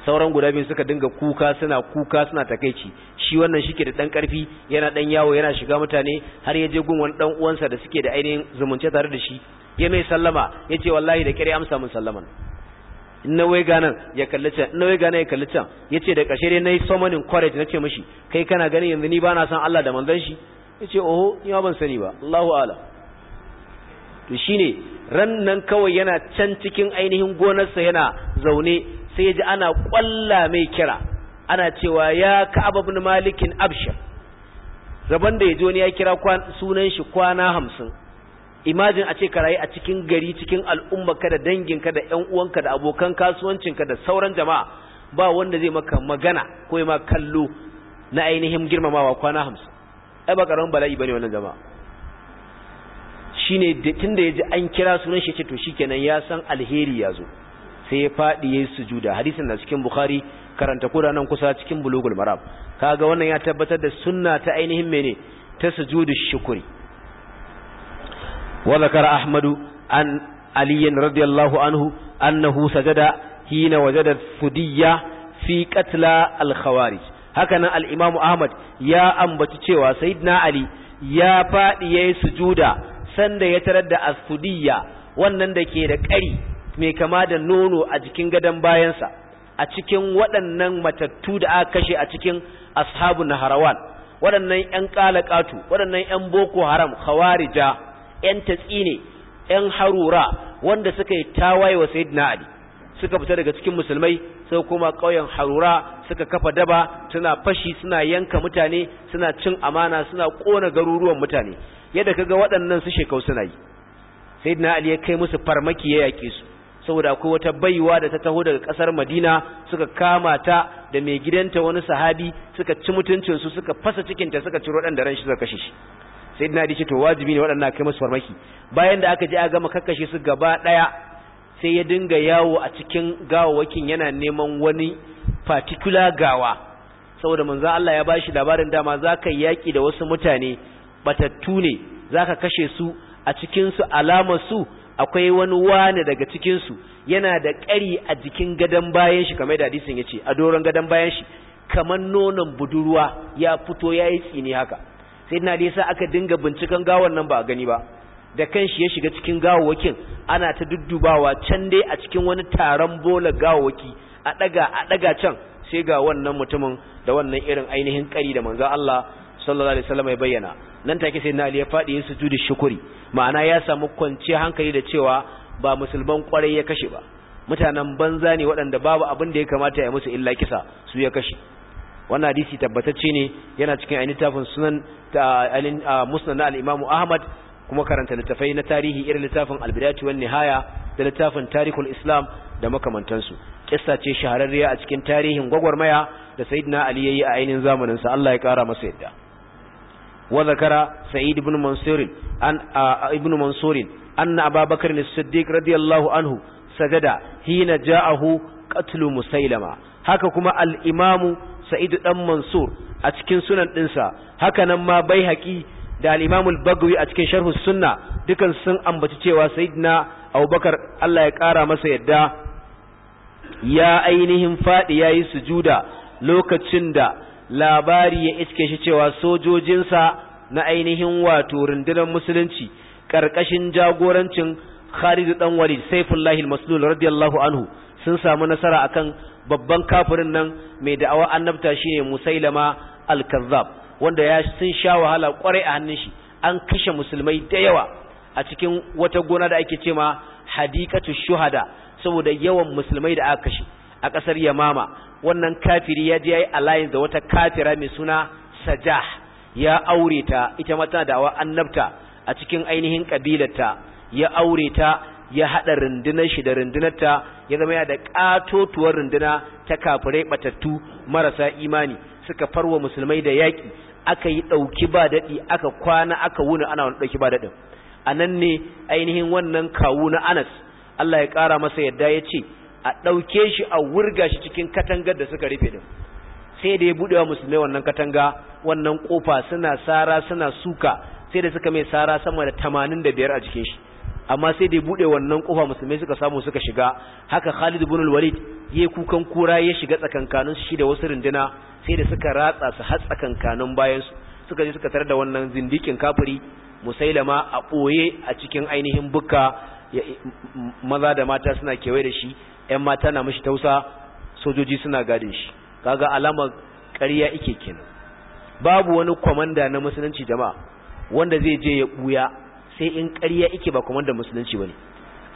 sauran guda biyu suka dinga kuka suna kuka suna takeici shi wannan shike da dan karfi yana dan yawo yana shiga mutane har ya je gun wani dan uwansa da suke da ainihin zumunce tare da shi ya mai sallama yace wallahi da kire amsa mun sallama. inna wai waiga ya kalli can inna wai waiga ya kalli can yace da kashe dai nayi summoning courage nace mishi kai kana ganin yanzu ni bana san Allah da manzon shi yace oho ni ma ban sani ba Allahu ala. to shine ran nan kawai yana can cikin ainihin gonarsa yana zaune sai ya ji ana kwalla mai kira ana cewa ya Ka'ab ibn Malik Abshar rabon da ya ji wani ya kira sunan shi kwana hamsin imajin a ce ka rayu a cikin gari cikin al'umma al'ummarka da danginka da ƴan uwanka da abokan kasuwancinka da sauran jama'a ba wanda zai maka magana ko ya ma kallo na ainihin girmamawa kwana hamsin ai ba karamin bala'i bane wannan jama'a shine tun da ya ji an kira sunan shi ce to shikenan ya san alheri ya zo sai ya faɗi ya yi sujuda hadisin na cikin bukhari karanta koda nan kusa cikin bulugul maram kaga wannan ya tabbatar da sunna ta ainihin mene ta sujudu shukuri wa zakara ahmadu an ali radiyallahu anhu annahu sajada hina wajada fudiyya fi qatla al khawarij hakanan al imamu ahmad ya ambaci cewa sayyidina ali ya fadi yayi sujuda sanda ya tarar da asfudiyya wannan da ke da ƙari mai kama da nono a jikin gadon bayansa a cikin waɗannan matattu da aka kashe a cikin ashabu naharawan waɗannan 'yan ƙalaƙatu waɗannan 'yan boko haram khawarija 'yan tatsi ne 'yan harura wanda suka yi tawaye wa sayyidina ali suka fita daga cikin musulmai sai kuma ƙauyen harura suka kafa daba suna fashi suna yanka mutane suna cin amana suna ƙona garuruwan mutane yadda kaga waɗannan su shekau suna yi sayyidina ali ya kai musu farmaki ya yaƙe su saboda akwai wata baiwa da ta taho daga ƙasar madina suka kama ta da mai gidanta wani sahabi suka ci mutuncinsu suka fasa cikinta suka ciro ɗan da ran shi suka kashe shi sai ali ce to wajibi ne waɗannan kai musu farmaki bayan da aka je a gama kakkashe su gaba daya sai ya dinga yawo a cikin gawawakin yana neman wani particular gawa saboda manzo Allah ya bashi labarin dama za ka yaki da wasu mutane batattu ne zaka kashe su a cikin su alamar su akwai wani wani daga cikin su yana da ƙari a jikin gadon bayan shi kamar da hadisin yace a doron gadon bayan shi kamar nonon budurwa ya fito yayi tsini haka sai sayyidina da yasa aka dinga binciken gawon nan ba a gani ba da kan shi ya shiga cikin gawowakin ana ta duddubawa can dai a cikin wani taron bola gawowaki a daga a daga can sai ga wannan mutumin da wannan irin ainihin kari da manzo Allah sallallahu alaihi wasallam ya bayyana nan take sai na ya fadi ya sujudu shukuri ma'ana ya samu kwanciyar hankali da cewa ba musulman kwarai ya kashe ba mutanen banza ne waɗanda babu abin da ya kamata ya musu illa kisa su ya kashe wannan hadisi tabbatacce ne yana cikin ainihin tafin sunan musnad na al imamu Ahmad kuma karanta littafai na tarihi irin littafin al-Bidayatu wan Nihaya da littafin Tarikhul Islam da makamantansu kissa ce shahararriya a cikin tarihin gwagwarmaya da Sayyidina Ali yayi a ainihin zamanin sa Allah ya kara masa yadda wa zakara Sa'id ibn Mansur an ibn Mansur anna Abu Bakr as-Siddiq radiyallahu anhu sajada hina ja'ahu qatlu Musailama haka kuma al imamu sa'idu dan mansur a cikin sunan ɗinsa haka nan ma haƙi da al-imam a cikin sharhu sunna dukan sun ambaci cewa na abubakar Allah ya kara masa yadda ya ainihin fadi yayi sujuda lokacin da labari ya iske shi cewa sojojinsa na ainihin wato rundunar musulunci ƙarƙashin jagorancin Khalidu dan Walid saifullahi maslul radiyallahu anhu sun samu nasara akan babban kafirin nan mai da'awa annabta ne musailama al-kazzab wanda ya sun sha wahala kwarai a hannun shi an kashe musulmai da yawa a cikin wata gona da ake cema hadikatu shuhada saboda yawan musulmai da aka kashe a kasar yamama wannan kafiri ya je yayi alliance da wata kafira mai suna sajah ya aure ta ita ma tana da'awa annabta a cikin ainihin kabilarta ya aure ta ya haɗa rundunar shi da rundunarta ya zama ya da ƙatotuwar runduna ta kafirai batattu marasa imani suka farwa musulmai da yaƙi aka yi ɗauki ba daɗi aka kwana aka wuni ana wani ɗauki ba daɗin a nan ne ainihin wannan kawu na anas allah ya ƙara masa yadda ya ce a ɗauke shi a wurga shi cikin katangar da suka rufe ɗin sai da ya buɗe wa musulmai wannan katanga wannan ƙofa suna sara suna suka sai da suka mai sara sama da tamanin da biyar a jikin shi amma sai da ya bude wannan kofa musulmai suka samu suka shiga haka Khalid ibn al-Walid yayi kukan kura ya shiga tsakankanin shi da wasu runduna sai da suka ratsa su har tsakankanin bayan su suka je suka tarar da wannan zindikin kafiri musailama a boye a cikin ainihin bukka maza da mata suna kewaye da shi ƴan mata na mishi tausa sojoji suna gadin shi kaga alamar ƙarya ike kenan babu wani kwamanda na musulunci jama'a wanda zai je ya buya sai in ƙarya ike ba kwamandan musulunci ba ne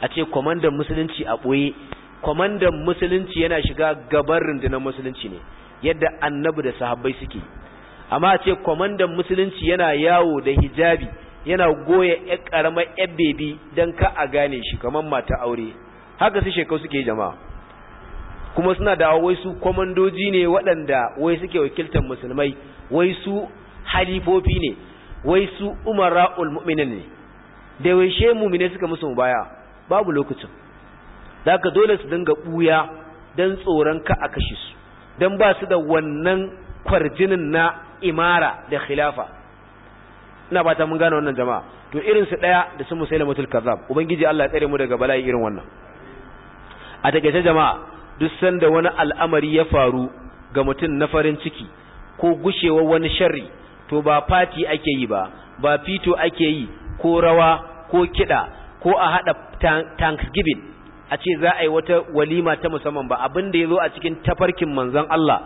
a ce kwamandan musulunci a ɓoye kwamandan musulunci yana shiga gaban rundunar musulunci ne yadda annabi da sahabbai suke amma a ce kwamandan musulunci yana yawo da hijabi yana goya ƴar ƙaramar ƴar bebi don ka a gane shi kamar mata aure haka su shekau suke jama'a kuma suna da wai su kwamandoji ne waɗanda wai suke wakiltar musulmai wai su halifofi ne wai su umara ulmuminin ne da yaushe mumine suka musu mubaya babu lokacin zaka dole su dinga buya don tsoron ka a kashe su dan ba su da wannan kwarjinin na imara da khilafa ina ta mun gane wannan jama'a to irin su daya da su mutul kazab ubangiji Allah ya tsare mu daga bala'i irin wannan a takaice jama'a duk sanda wani al'amari ya faru ga mutum na farin ciki ko gushewa wani sharri to ba fati ake yi ba ba fito ake yi ko rawa ko kiɗa ko a haɗa thanksgiving a ce za a yi wata walima ta musamman ba abin da ya zo a cikin tafarkin manzon Allah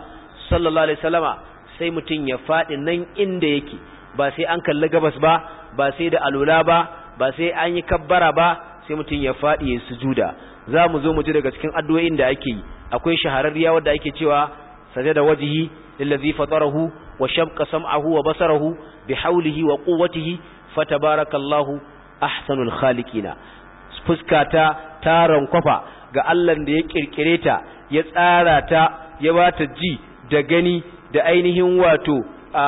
sallallahu alaihi wasallama sai mutum ya faɗi nan inda yake ba sai an kalli gabas ba ba sai da alula ba ba sai an yi kabbara ba sai mutum ya faɗi ya sujuda za mu zo mu ji daga cikin addu'o'in da ake yi akwai shahararriya wadda ake cewa sajada wajihi, lillazi fatarahu wa shabqa sam'ahu wa basarahu bi wa quwwatihi fatabarakallahu ahsanul khaliqina fuskata ta rankwafa ga Allah da ya kirkire ta ya tsara ta ya bata ji da gani da ainihin wato a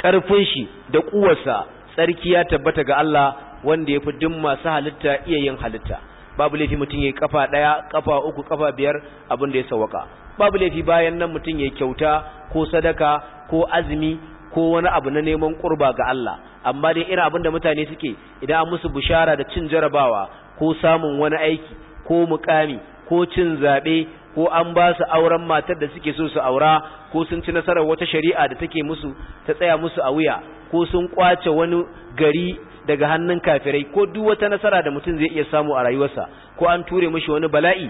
karfin shi da kuwarsa tsarki ya tabbata ga Allah wanda ya fi duk masu halitta iya yin halitta babu laifi mutum ya kafa ɗaya kafa uku kafa biyar abin da ya sawaka babu laifi bayan nan mutum ya kyauta ko sadaka ko azumi ko wani abu na neman kurba ga Allah amma dai irin abin da mutane suke idan an musu bushara da cin jarabawa ko samun wani aiki ko mukami ko cin zaɓe ko an ba su auren matar da suke so su aura ko sun ci nasarar wata shari'a da take musu ta tsaya musu a wuya ko sun kwace wani gari daga hannun kafirai ko duk wata nasara da mutum zai iya samu a rayuwarsa ko an ture mishi wani bala'i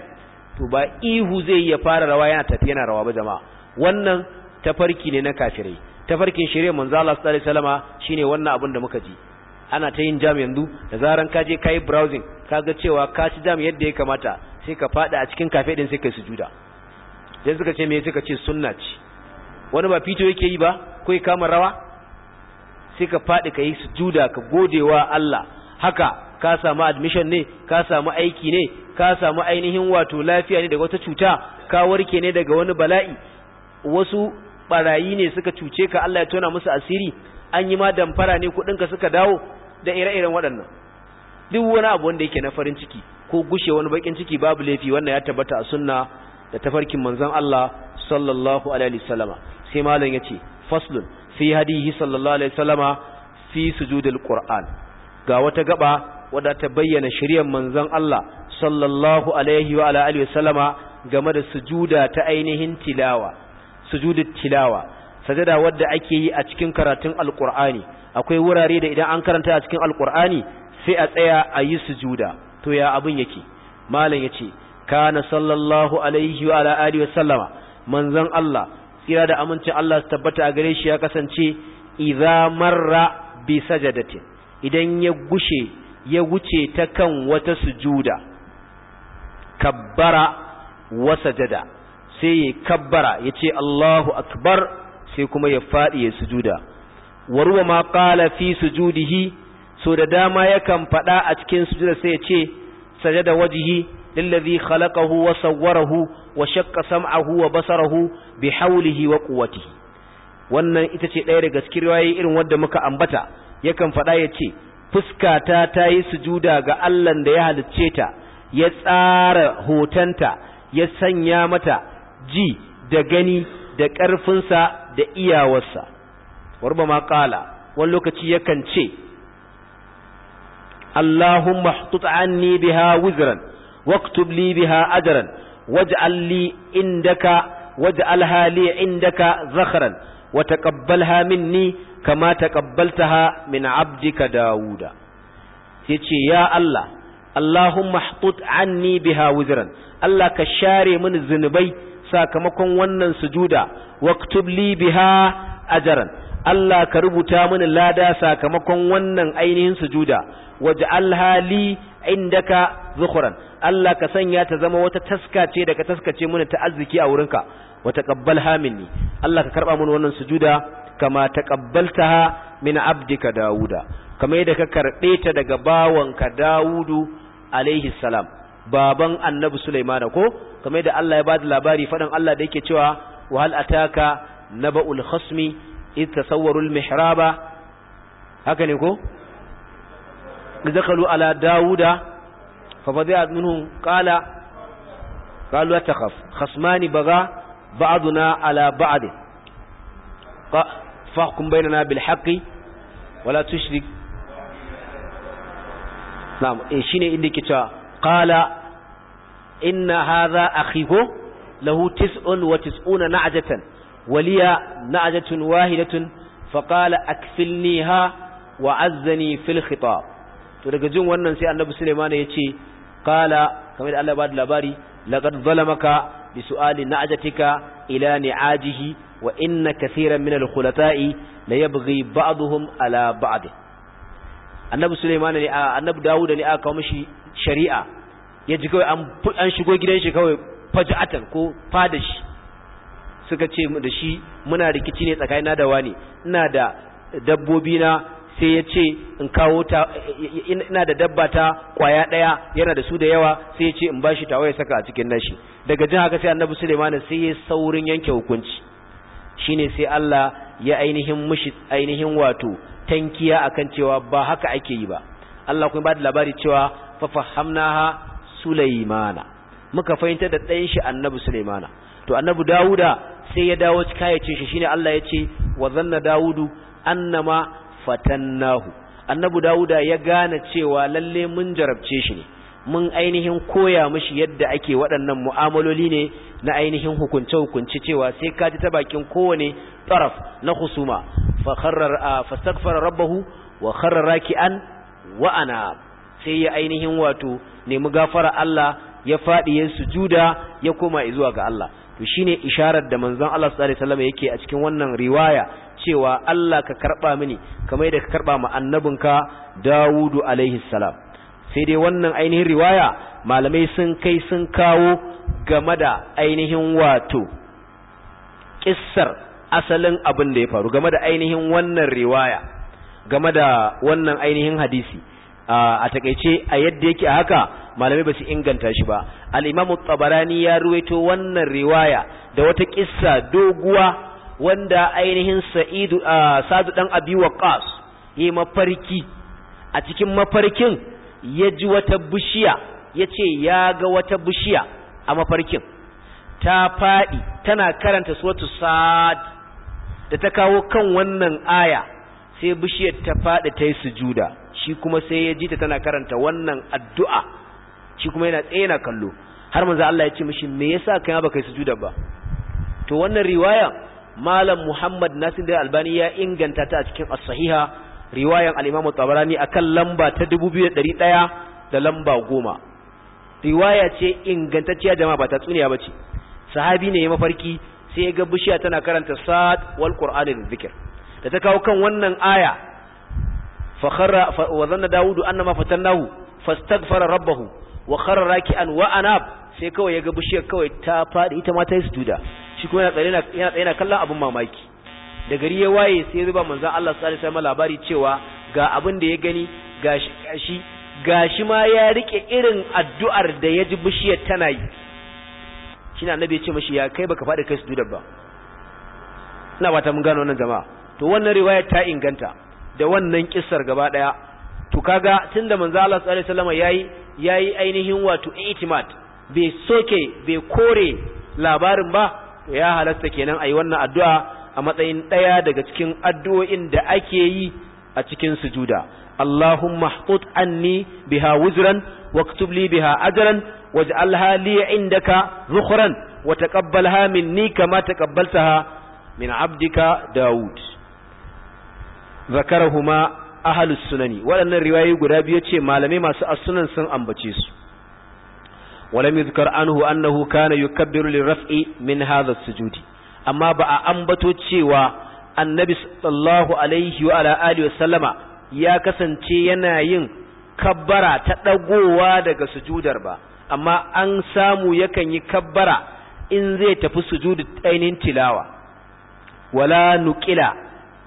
to ba ihu zai iya fara rawa yana tafi yana rawa ba jama'a wannan tafarki ne na kafirai tafarkin shirye manzo Allah sallallahu alaihi wasallama shine wannan abin da muka ji ana ta yin jam yanzu da zaran ka je kai browsing ga cewa ka ci jam yadda ya kamata sai ka fada a cikin kafe din sai kai sujuda dan suka ce me suka ce sunna ce wani ba fito yake yi ba ko ya kama rawa sai ka fadi kai sujuda ka godewa Allah haka ka samu admission ne ka samu aiki ne ka samu ainihin wato lafiya ne daga wata cuta ka warke ne daga wani bala'i wasu barayi ne suka cuce ka Allah ya tona musu asiri an yi ma damfara ne kuɗinka suka dawo da ire-iren waɗannan duk wani abu wanda yake na farin ciki ko gushe wani bakin ciki babu laifi wannan ya tabbata a sunna da tafarkin manzon Allah sallallahu alaihi wasallama sai malam yace faslun fi hadihi sallallahu alaihi wasallama fi sujudil qur'an ga wata gaba wadda ta bayyana shiryan manzon Allah sallallahu alaihi wa alihi wasallama game da sujuda ta ainihin tilawa sujudut tilawa sajada wadda ake yi a cikin karatun alqur'ani akwai wurare da idan an karanta a cikin alqur'ani sai a tsaya a yi sujuda to ya abin yake malam yace kana sallallahu alaihi wa ala alihi wa sallama manzon Allah tsira da amincin Allah su tabbata a gare shi ya kasance idza marra bi sajadatin idan ya gushe ya wuce ta kan wata sujuda kabbara wa sajada sai ya kabbara ya ce Allahu akbar sai kuma ya faɗi ya sujuda waruwa ma qala fi sujudihi so da dama yakan faɗa a cikin sujuda sai ya ce sajada wajhi lillazi khalaqahu wa sawwarahu wa shakka sam'ahu wa basarahu bi hawlihi wa quwwatihi wannan ita ce ɗaya daga cikin riwayoyi irin wanda muka ambata yakan faɗa ya ce fuskata ta yi sujuda ga allah da ya halicce ta ya tsara hotonta ya sanya mata ji da gani da ƙarfinsa da iyawarsa warba ma ƙala wani lokaci yakan ce Allahumma anni biha wuzran waktub li biha ajran waj'al li indaka waj'alha li indaka zakhran wa taqabbalha minni kama taqabbaltaha min 'abdika dauda yace ya Allah Allahumma htut anni biha wuzran Allah ka share min zunubai sakamakon wannan sujuda waktub li biha ajran Allah ka rubuta mini lada sakamakon wannan ainihin sujuda alhali inda indaka zukhran Allah ka sanya ta zama wata taska ce daga taskace mini ta arziki a wurinka wa taqabbalha minni Allah ka karba mini wannan sujuda kama taqabbaltaha min abdika dauda kamar yadda ka karbe ta daga bawanka daudu alaihi salam baban annabi sulaimana ko kamar da Allah ya bada labari fadan Allah da yake cewa wa hal ataka naba'ul khasmi id tasawwarul mihraba haka ne ko dakalu ala dauda fa fadi'a minhu qala qalu la takhaf khasmani baga ba'duna ala ba'd fahkum bainana bil haqqi wala tushrik na'am eh, shine inda ke cewa qala inna hadha akhiku lahu tis'un wa tis'una na'jatan waliya na'jatun wahidatun fa qala akfilniha wa azzani fil khitab to daga jin wannan sai annabi sulaiman ya ce qala kamar Allah ba labari laqad zalamaka bi su'ali na'jatika ila ni'ajihi wa inna kaseeran min al-khulata'i la yabghi ba'dhum ala ba'd annabi Suleiman ne a annabi Dawud ne aka kawo mishi shari'a ya ji kawai an an shigo gidan shi kawai faj'atan ko fadashi suka ce da shi muna rikici ne tsakanin na da wani ina da dabbobi na sai ya ce in kawo ta ina da dabba ta kwaya daya yana da su da yawa sai ya ce in bashi tawa ya saka a cikin nashi daga jin haka sai annabi Suleiman sai ya saurin yanke hukunci shine sai Allah ya ainihin mushi ainihin wato tankiya akan cewa ba haka ake yi ba Allah kuma ba da labari cewa fa fahamnaha Sulaimana muka fahimta da ɗayan shi Annabi Sulaimana to Annabi Dawuda sai ya dawo kayacin shi shine Allah ya ce wa zanna Dawudu annama fatannahu Annabi Dawuda ya gane cewa lalle mun jarabce shi ne mun ainihin koya mishi yadda ake waɗannan mu'amaloli ne na ainihin hukunce hukunci cewa sai ka ji ta bakin kowane taraf na husuma fa kharrar fastaghfara rabbahu wa kharra raki'an wa ana sai ya ainihin wato nemi gafara Allah ya fadi ya sujuda ya koma zuwa ga Allah to shine isharar da manzon Allah sallallahu alaihi wasallam yake a cikin wannan riwaya cewa Allah ka karba mini kamar yadda ka karba ma annabinka Dawudu alaihi salam sai dai wannan ainihin riwaya malamai sun kai sun kawo game da ainihin wato kissar asalin abin da ya faru game da ainihin wannan riwaya game da wannan ainihin hadisi a takaice a yadda yake a haka malamai ba su inganta shi ba alimamu tsabarani ya ruwaito wannan riwaya da wata kissa doguwa wanda ainihin sa'idu sadu dan abi waqas yi mafarki a cikin mafarkin ya ji wata bishiya ya ce ya ga wata bishiya a mafarkin ta faɗi tana karanta suwatu sad da ta kawo kan wannan aya sai bishiyar ta faɗi ta yi sujuda shi kuma sai ya ji ta tana karanta wannan addu'a shi kuma yana tsaye kallo har manzo Allah ya ce mashi me yasa ya ba kai sujuda ba to wannan riwaya malam Muhammad Nasir da Albani ya inganta ta a cikin as-sahiha riwayan al-Imam Tabarani akan lamba ta 2100 da da lamba goma. riwaya ce ingantacciya jama'a ba ta tsuniya ce sahabi ne ya mafarki sai ya ga bishiya tana karanta sa'ad wal da zikir da ta kawo kan wannan aya fa kharra wa zanna daudu annama fatannahu fastaghfara rabbahu wa kharra raki'an wa anab sai kawai ya ga bishiyar kawai ta fadi ita ma ta yi sujuda shi kuma yana tsare yana tsare kallon abin mamaki da gari ya waye sai ya zuba manzon Allah sallallahu alaihi wasallam labari cewa ga abin da ya gani gashi gashi gashi ma ya rike irin addu'ar da ya ji bishiyar tana yi shi na annabi ya ce mashi ya kai baka faɗi kai sujudar ba ina ba ta mun gano wannan jama'a to wannan riwayar ta inganta da wannan kissar gaba daya to kaga tunda manzo Allah sallallahu alaihi wasallam yayi yayi ainihin wato i'timad bai soke bai kore labarin ba to ya halarta kenan ayi wannan addu'a a matsayin daya daga cikin addu'o'in da ake yi a cikin sujuda اللهم احطط عني بها وزرا واكتب لي بها أجرا واجعلها لي عندك ذخرا وتقبلها مني كما تقبلتها من عبدك داود ذكرهما أهل السنن وأن الرواية قرابية ما لم يمس السنن سن أنبتيس ولم يذكر عنه أنه كان يكبر للرفع من هذا السجود أما بأ أنبتو تشيوى النبي صلى الله عليه وعلى آله وسلم ya kasance yana yin kabbara ta ɗagowa daga sujudar ba amma an samu yakan yi kabbara in zai tafi sujudu ainihin tilawa wala nukila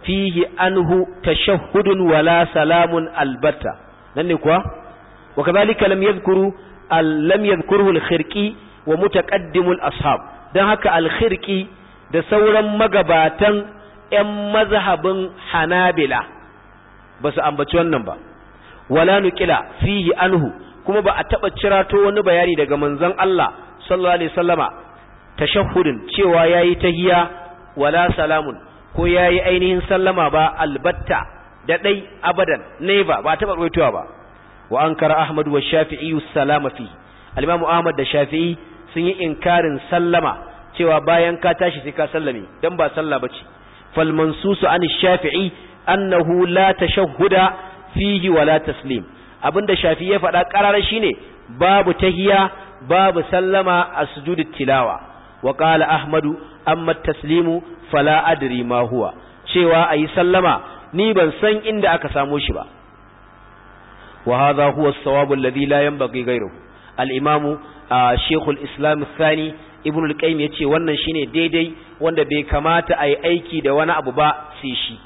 fihi anhu tashahhudun wala salamun albatta nan ne kuwa wa kadhalika lam yadhkuru lam yadhkuruhu al-khirqi wa mutaqaddimul ashab dan haka al-khirqi da sauran magabatan 'yan mazhabin hanabila ba su ambaci wannan ba wala nuqila fihi anhu kuma ba a taba cirato wani bayani daga manzon Allah sallallahu alaihi wasallama tashahhudin cewa yayi tahiya wala salamun ko yayi ainihin sallama ba albatta da dai abadan never ba taba ruwaitowa ba wa ankara ahmad wa shafi'i salama fi al-imam ahmad da shafi'i sun yi inkarin sallama cewa bayan ka tashi sai ka sallame dan ba sallah bace fal mansusu an shafi'i annahu la tashahhuda fihi wala taslim abinda shafi ya faɗa ƙarar shine babu tahiya babu sallama a sujudu tilawa wa qala ahmadu amma taslimu fala adri ma huwa cewa ayi sallama ni ban san inda aka samo shi ba wa hadha huwa as-sawabu alladhi la yanbaghi ghayruhu al-imamu shaykh al-islam ath-thani ibn al-qayyim yace wannan shine daidai wanda bai kamata ayi aiki da wani abu ba sai shi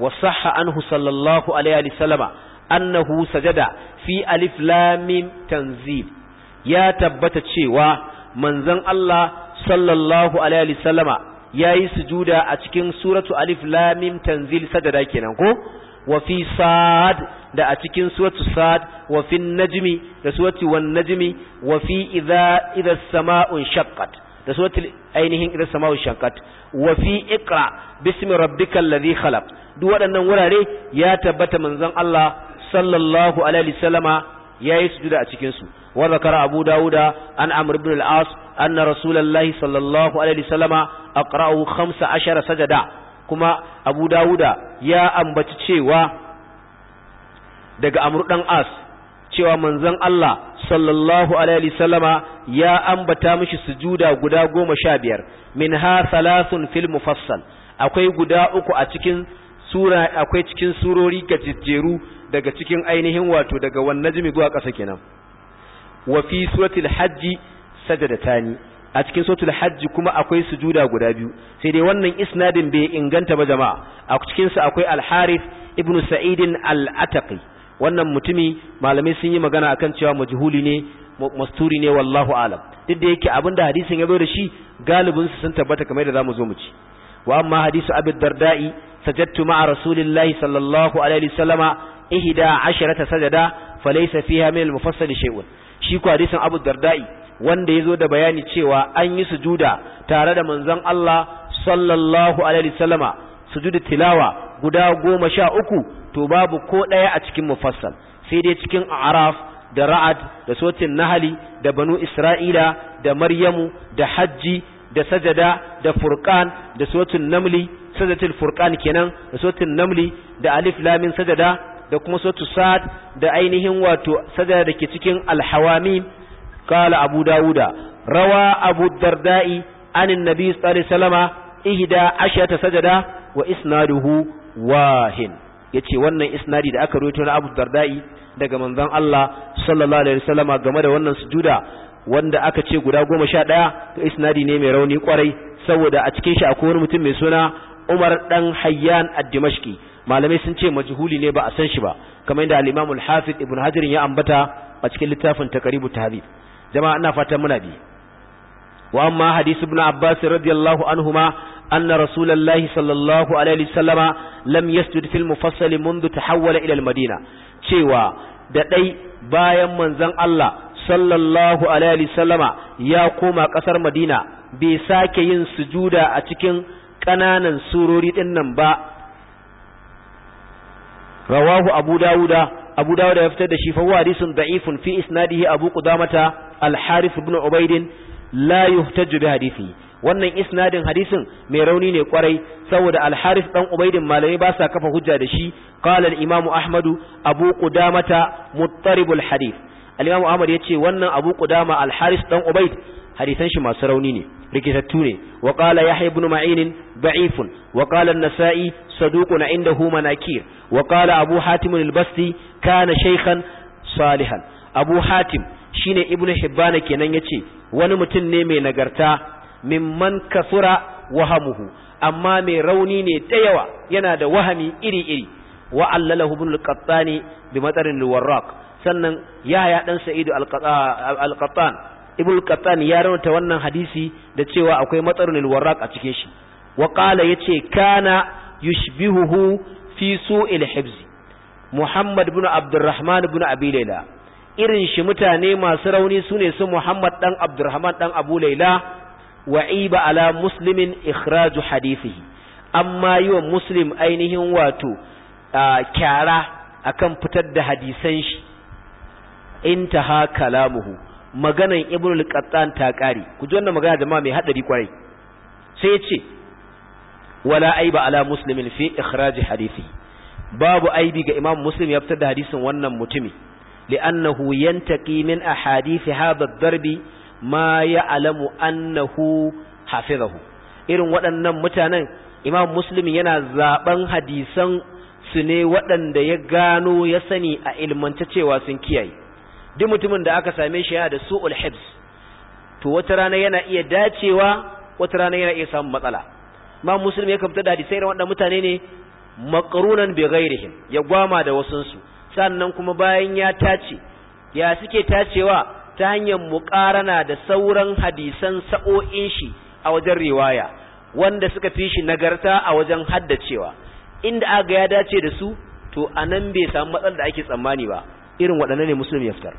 Wasaha anhu sallallahu alaihi wa sallama annahu sajada fi alif lam mim ya tabbata cewa manzon Allah sallallahu alaihi wa sallama yayi sujuda a cikin suratu alif lam mim tanzil sajada kenan ko wa fi da a cikin suratu sad wa fi najmi da suratu wan najmi wa fi idha idha da suratul ainihin idan samawu shankat wa fi iqra bismi rabbikal ladhi khalaq duk waɗannan wurare ya tabbata manzon Allah sallallahu alaihi wasallama yayi sujuda a cikin su wa zakara abu dauda an amr ibn al-as anna rasulullahi sallallahu alaihi wasallama aqra'u 15 sajada kuma abu dauda ya ambaci cewa daga amr dan as cewa manzon Allah sallallahu alaihi wasallama ya ambata mishi sujuda guda goma sha biyar ha salasun fil mufassal akwai guda uku a cikin sura akwai cikin surori gajejjeru daga cikin ainihin wato daga wannan jimi zuwa ƙasa kenan wa fi suratul hajji sajadatani a cikin suratul hajj kuma akwai sujuda guda biyu sai dai wannan isnadin bai inganta ba jama'a a cikin sa akwai al-harith ibnu sa'idin al-ataqi wannan mutumi malamai sun yi magana akan cewa majhuli ne masturi ne wallahu alam duk da yake abinda hadisin ya zo da shi galibin su sun tabbata kamar da zamu zo mu ci wa amma hadisu abi darda'i sajadtu ma'a rasulillahi sallallahu alaihi wasallama ihda asharata sajada falaysa fiha min al-mufassal shay'un shi ko hadisin abu darda'i wanda yazo da bayani cewa an yi sujuda tare da manzon Allah sallallahu alaihi wasallama sujudu tilawa guda goma sha uku to babu ko ɗaya a cikin mufassal sai dai cikin araf da ra'ad da sotin nahali da banu isra'ila da maryamu da hajji da sajada da Furkan da sotin namli sadatul Furkan kenan da sotin namli da alif lamin sajada da kuma sotu sa'ad da ainihin wato sajada da ke cikin alhawami qala abu dawuda rawa abu darda'i anin nabi sallallahu alaihi wasallama ihda ashata sajada wa isnaduhu wahin ce wannan isnadi da aka rawaito na Abu Darda'i daga manzon Allah sallallahu alaihi wasallama game da wannan sujuda wanda aka ce guda goma sha ɗaya to isnadi ne mai rauni kwarai saboda a cikin shi akwai wani mutum mai suna Umar dan Hayyan ad-Dimashqi malamai sun ce majhuli ne ba a san shi ba kamar yadda al-Imam al-Hafiz Ibn Hajar ya ambata a cikin littafin takaribu Tahdhib jama'a ina fatan muna bi وأما حديث ابن عباس رضي ma عنهما أن رسول الله صلى الله عليه وسلم لم يسجد في المفصل منذ تحول cewa da ɗai bayan manzon Allah sallallahu alaihi sallama ya koma ƙasar Madina bai sake yin sujuda a cikin ƙananan surori ɗinnan ba rawahu Abu Dawuda Abu Dawuda ya fitar da shi fa hadisun da'ifun fi isnadihi Abu Qudamata al-Harith ibn Ubayd la yuhtaju bi hadisi wannan isnadin hadisin mai rauni ne kwarai saboda al-Haris dan Ubaidin malami ba sa kafa hujja da shi qala al-Imam Ahmad Abu Qudamata muttaribul hadith al-Imam Ahmad yace wannan Abu Qudama al-Haris dan Ubaid hadisan shi masu rauni ne rikitattu ne wa qala Yahya ibn Ma'in da'ifun wa qala an-Nasa'i saduqun indahu manakir wa qala Abu Hatim al basri kana shaykhan salihan Abu Hatim shine Ibn Hibban kenan yace wani mutum ne mai nagarta mimman kasura wahamuhu amma mai rauni ne da yawa yana da wahami iri-iri wa allalahu ibn al-qattani bi matsarin warraq sannan yahya dan sa'id al-qattan ibn al-qattan ya rawata wannan hadisi da cewa akwai matsarin warraq a cikin shi wa qala yace kana yushbihuhu fi su'il hibzi muhammad ibn abdurrahman ibn abi layla irin shi mutane masu rauni su ne su Muhammad ɗan Abdurrahman ɗan Abu Laila iba ala muslimin ikhraju hadithihi amma yi wa muslim ainihin wato kyara akan fitar da hadisan shi ha kalamuhu maganan ibn al-qattan ta kare ku ji wannan magana jama'a mai hadari kwarai sai yace wala aiba ala muslimin fi ikhraji hadithi babu aibi ga imam muslim ya fitar da hadisin wannan mutumi لأنه ينتقي من أحاديث هذا الضرب ما يعلم أنه حافظه إذن وأن متانا إمام مسلم ينزع بن حديثا sune waɗanda ya gano ya sani a ilmantacewa sun kiyaye duk mutumin da aka same shi yana da su hibs to wata rana yana iya dacewa wata rana yana iya samun matsala ma musulmi ya kamta da hadisai irin waɗannan mutane ne makarunan bi ghairihim ya gwama da wasansu. sannan kuma bayan ya tace ya suke tacewa ta hanyar muƙarana da sauran hadisan sa'o'in shi a wajen riwaya wanda suka fi shi nagarta a wajen haddacewa inda aga ya dace da su to anan bai samu matsalar da ake tsammani ba irin waɗannan ne musulmi ya fitar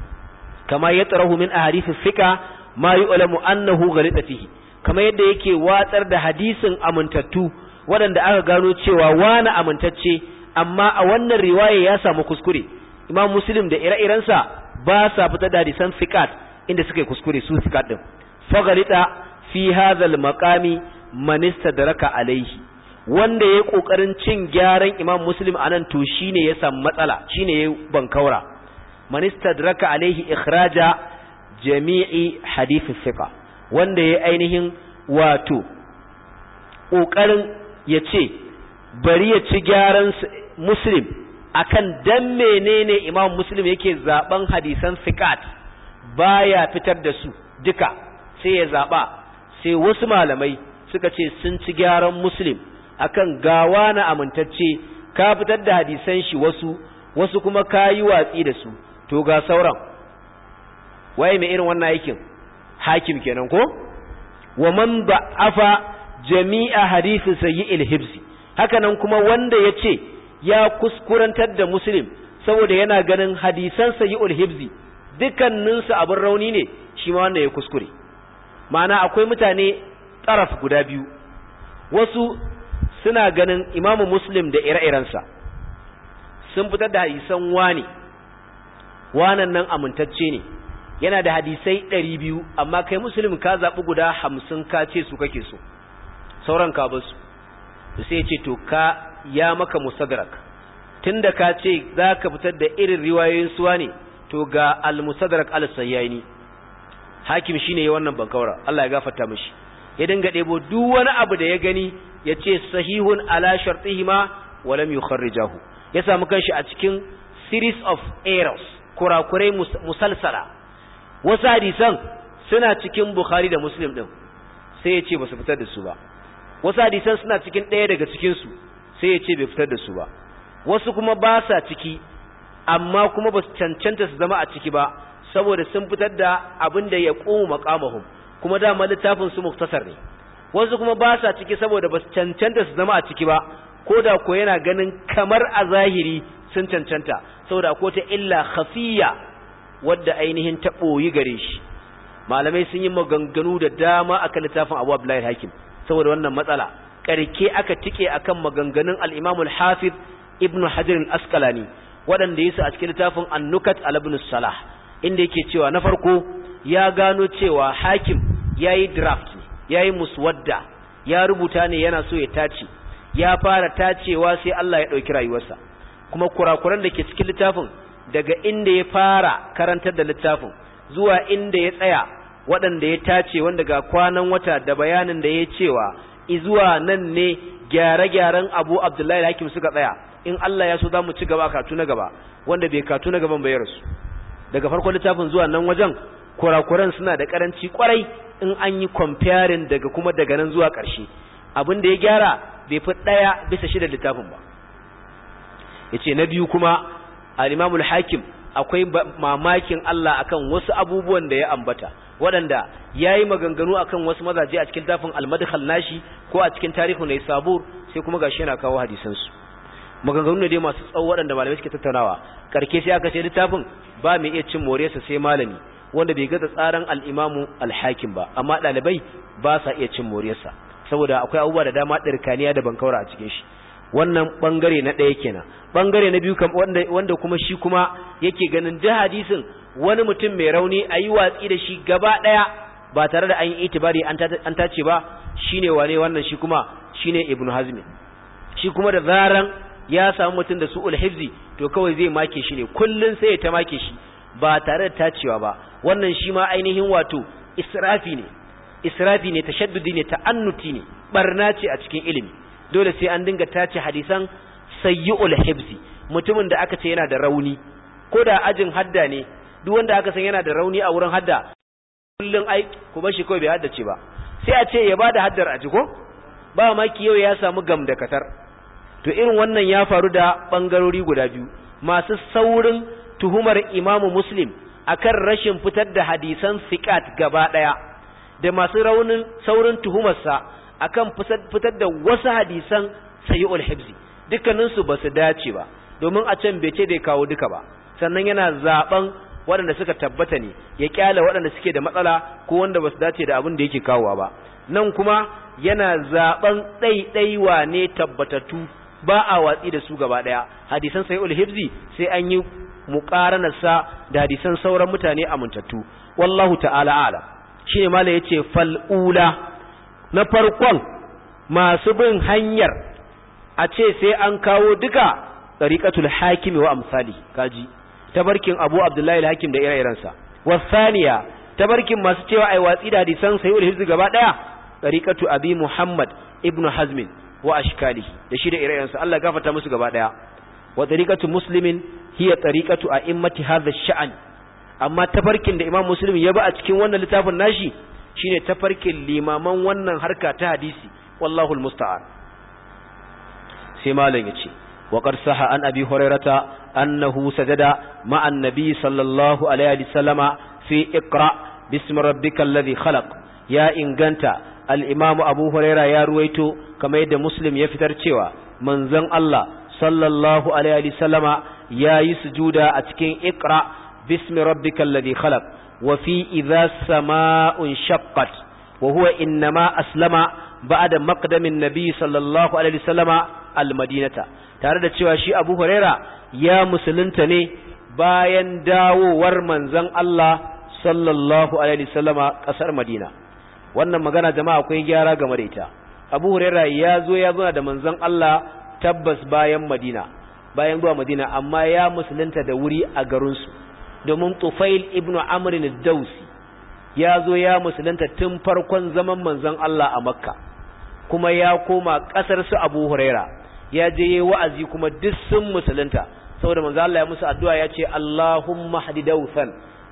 kama ya tsarahu min ahadithis fika ma ulamu annahu ghalita fihi kama yadda yake watsar da hadisin amintattu waɗanda aka gano cewa wani amintacce amma a wannan riwaya ya samu kuskure imam muslim da ire-irensa ba sa fita da hadisan sikat inda suka yi kuskure su sikat din fagalita fi hadhal maqami man istadraka alaihi wanda yayi kokarin cin gyaran imam muslim anan to shine ya samu matsala shine yayi bankaura man istadraka alaihi ikhraja jami'i hadith thiqa wanda yayi ainihin wato kokarin ya ce bari ya ci gyaran muslim akan dan menene imam muslim yake zaben hadisan fiqat baya fitar da su duka sai ya zaba sai wasu malamai suka ce sun ci gyaran muslim akan gawa na amintacce ka fitar da hadisan shi wasu wasu kuma ka yi watsi da su to ga sauran waye mai irin wannan aikin hakim kenan ko wa man ba'afa jami'a hadisi sayyi al-hibsi nan kuma wanda yace ya kuskurantar da muslim saboda yana ganin hadisan sayyul hibzi dukkaninsu abin rauni ne shi ma wanda ya kuskure ma'ana akwai mutane taraf guda biyu wasu suna ganin imamu muslim da ire-irensa sun fitar da hadisan wani wanan nan amintacce ne yana da hadisai ɗari biyu amma kai musulmi ka zaɓi guda hamsin ka ce su kake so sauran ka basu su sai ce to ka ya maka musadrak tunda ka ce za ka fitar da irin riwayoyin suwa ne to ga al-musadrak al-sayyani hakim shine ya wannan bankaura Allah ya gafarta mishi ya dinga debo duk wani abu da ya gani ya ce sahihun ala shartihi ma wa lam yukharrijahu ya samu kanshi a cikin series of errors kurakurai musalsala wasu hadisan suna cikin bukhari da muslim din sai ya ce ba su fitar da su ba wasu hadisan suna cikin ɗaya daga cikinsu sai ya ce bai fitar da su ba wasu kuma ba sa ciki amma kuma ba su cancanta su zama a ciki ba saboda sun fitar da abin da ya kuma maƙamahum kuma dama littafin su muktasar ne wasu kuma ba sa ciki saboda ba su cancanta su zama a ciki ba ko da ko yana ganin kamar a zahiri sun cancanta saboda ko ta illa khafiya wadda ainihin ta ɓoyi gare shi malamai sun yi maganganu da dama akan littafin abu abdullahi hakim saboda wannan matsala karke aka tike akan maganganun al-Imam hafiz Ibn Hajar al-Asqalani waɗanda yasa a cikin littafin An-Nukat al Salah inda yake cewa na farko ya gano cewa hakim yayi draft yi muswadda ya rubuta ne yana so ya tace ya fara tacewa sai Allah ya ɗauki rayuwarsa kuma kurakuran da ke cikin littafin daga inda ya fara karantar da littafin zuwa inda ya tsaya waɗanda ya tace wanda ga kwanan wata da bayanin da ya cewa izuwa nan ne gyare-gyaren abu abdullahi hakim suka tsaya in Allah ya so za mu ci gaba katu na gaba wanda bai katu na gaban bayar rasu daga farkon littafin zuwa nan wajen kurakuran suna da karanci kwarai in an yi comparing daga kuma daga nan zuwa karshe abin da ya gyara bai fi ɗaya bisa shida littafin ba ya na biyu kuma al-imamul hakim akwai mamakin Allah akan wasu abubuwan da ya ambata waɗanda ya yi maganganu a kan wasu mazaje a cikin tafin almadkhal nashi ko a cikin tarihu na sabur sai kuma gashi yana kawo hadisansu maganganu ne dai masu tsawo waɗanda malamai suke tattaunawa karke sai aka ce littafin ba mai iya cin moresa sai malami wanda bai gaza tsaran al'imamu alhakim ba amma ɗalibai ba sa iya cin moresa saboda akwai abubuwa da dama ɗirkaniya da bankaura a cikin shi wannan bangare na ɗaya kenan bangare na biyu wanda kuma shi kuma yake ganin da hadisin wani mutum mai rauni a yi watsi da shi gaba ɗaya ba tare da an yi itibari an tace ba Shi ne wane wannan shi kuma shi ne ibn hazmi shi kuma da zaran ya samu mutum da su'ul hifzi to kawai zai make shi ne kullum sai ya ta make shi ba tare da tacewa ba wannan shi ma ainihin wato israfi ne israfi ne shaddudi ne ta'annuti ne barna ce a cikin ilimi dole sai an dinga tace hadisan sayyi'ul hifzi mutumin da aka ce yana da rauni ko da ajin hadda ne duk wanda aka san yana da rauni a wurin hadda kullun ai ku bar shi bai haddace ba sai a ce ya bada haddar a ko. ba ki yau ya samu gam da katar to irin wannan ya faru da bangarori guda biyu masu saurin tuhumar imamu muslim akan rashin fitar da hadisan sikat gaba daya da masu raunin saurin tuhumarsa akan fitar da wasu hadisan sayyul hibzi dukkaninsu ba su dace ba domin a can bai ce da kawo duka ba sannan yana zaben waɗanda suka tabbata ne ya kyala waɗanda suke da matsala ko wanda ba su dace da abin da yake kawowa ba nan kuma yana zaben ɗaiɗaiwa ne tabbatattu ba a watsi da su gaba ɗaya hadisan sai hibzi sai an yi muƙaranarsa da hadisan sauran mutane amintattu wallahu ta'ala ala shi ne mala ya ce fal'ula na farkon masu bin hanyar a ce sai an kawo duka ɗariƙatul hakimi wa amsali kaji tabarkin abu abdullahi hakim da ire-irensa wasaniya tabarkin masu cewa yi watsi da hadisan sahihul hizb gaba ɗaya. tariqatu abi muhammad ibnu Hazmin wa ashkalihi da shi da ire-irensa Allah gafarta musu gaba daya wa tariqatu muslimin hiya tariqatu a'immati hadha ash amma tafarkin da imam muslim ya ba a cikin wannan littafin nashi shine tafarkin limaman wannan harka ta hadisi wallahu mustaan sai malam ya ce qad saha an abi hurairata أنه سجد مع النبي صلى الله عليه وسلم في اقرأ باسم ربك الذي خلق يا إنغانتا الإمام أبو هريرة يا رويتو كما يد مسلم يفتر تشوى من زن الله صلى الله عليه وسلم يا يسجود أتكين اقرأ باسم ربك الذي خلق وفي إذا السماء انشقت وهو إنما أسلم بعد مقدم النبي صلى الله عليه وسلم المدينة tare da cewa shi abu huraira ya musulunta ne bayan dawowar manzon Allah sallallahu alaihi wasallama kasar Madina wannan magana jama'a akwai gyara game da ita Abu Hurairah ya zo ya zo da manzon Allah tabbas bayan Madina bayan zuwa Madina amma ya musulunta da wuri a garin su domin Tufail ibn Amr al-Dawsi ya zo ya musulunta tun farkon zaman manzon Allah a Makka kuma ya koma kasar su Abu Hurairah ya je wa'azi kuma duk sun musulunta saboda manzo Allah ya musu addu'a ya ce Allahumma hadi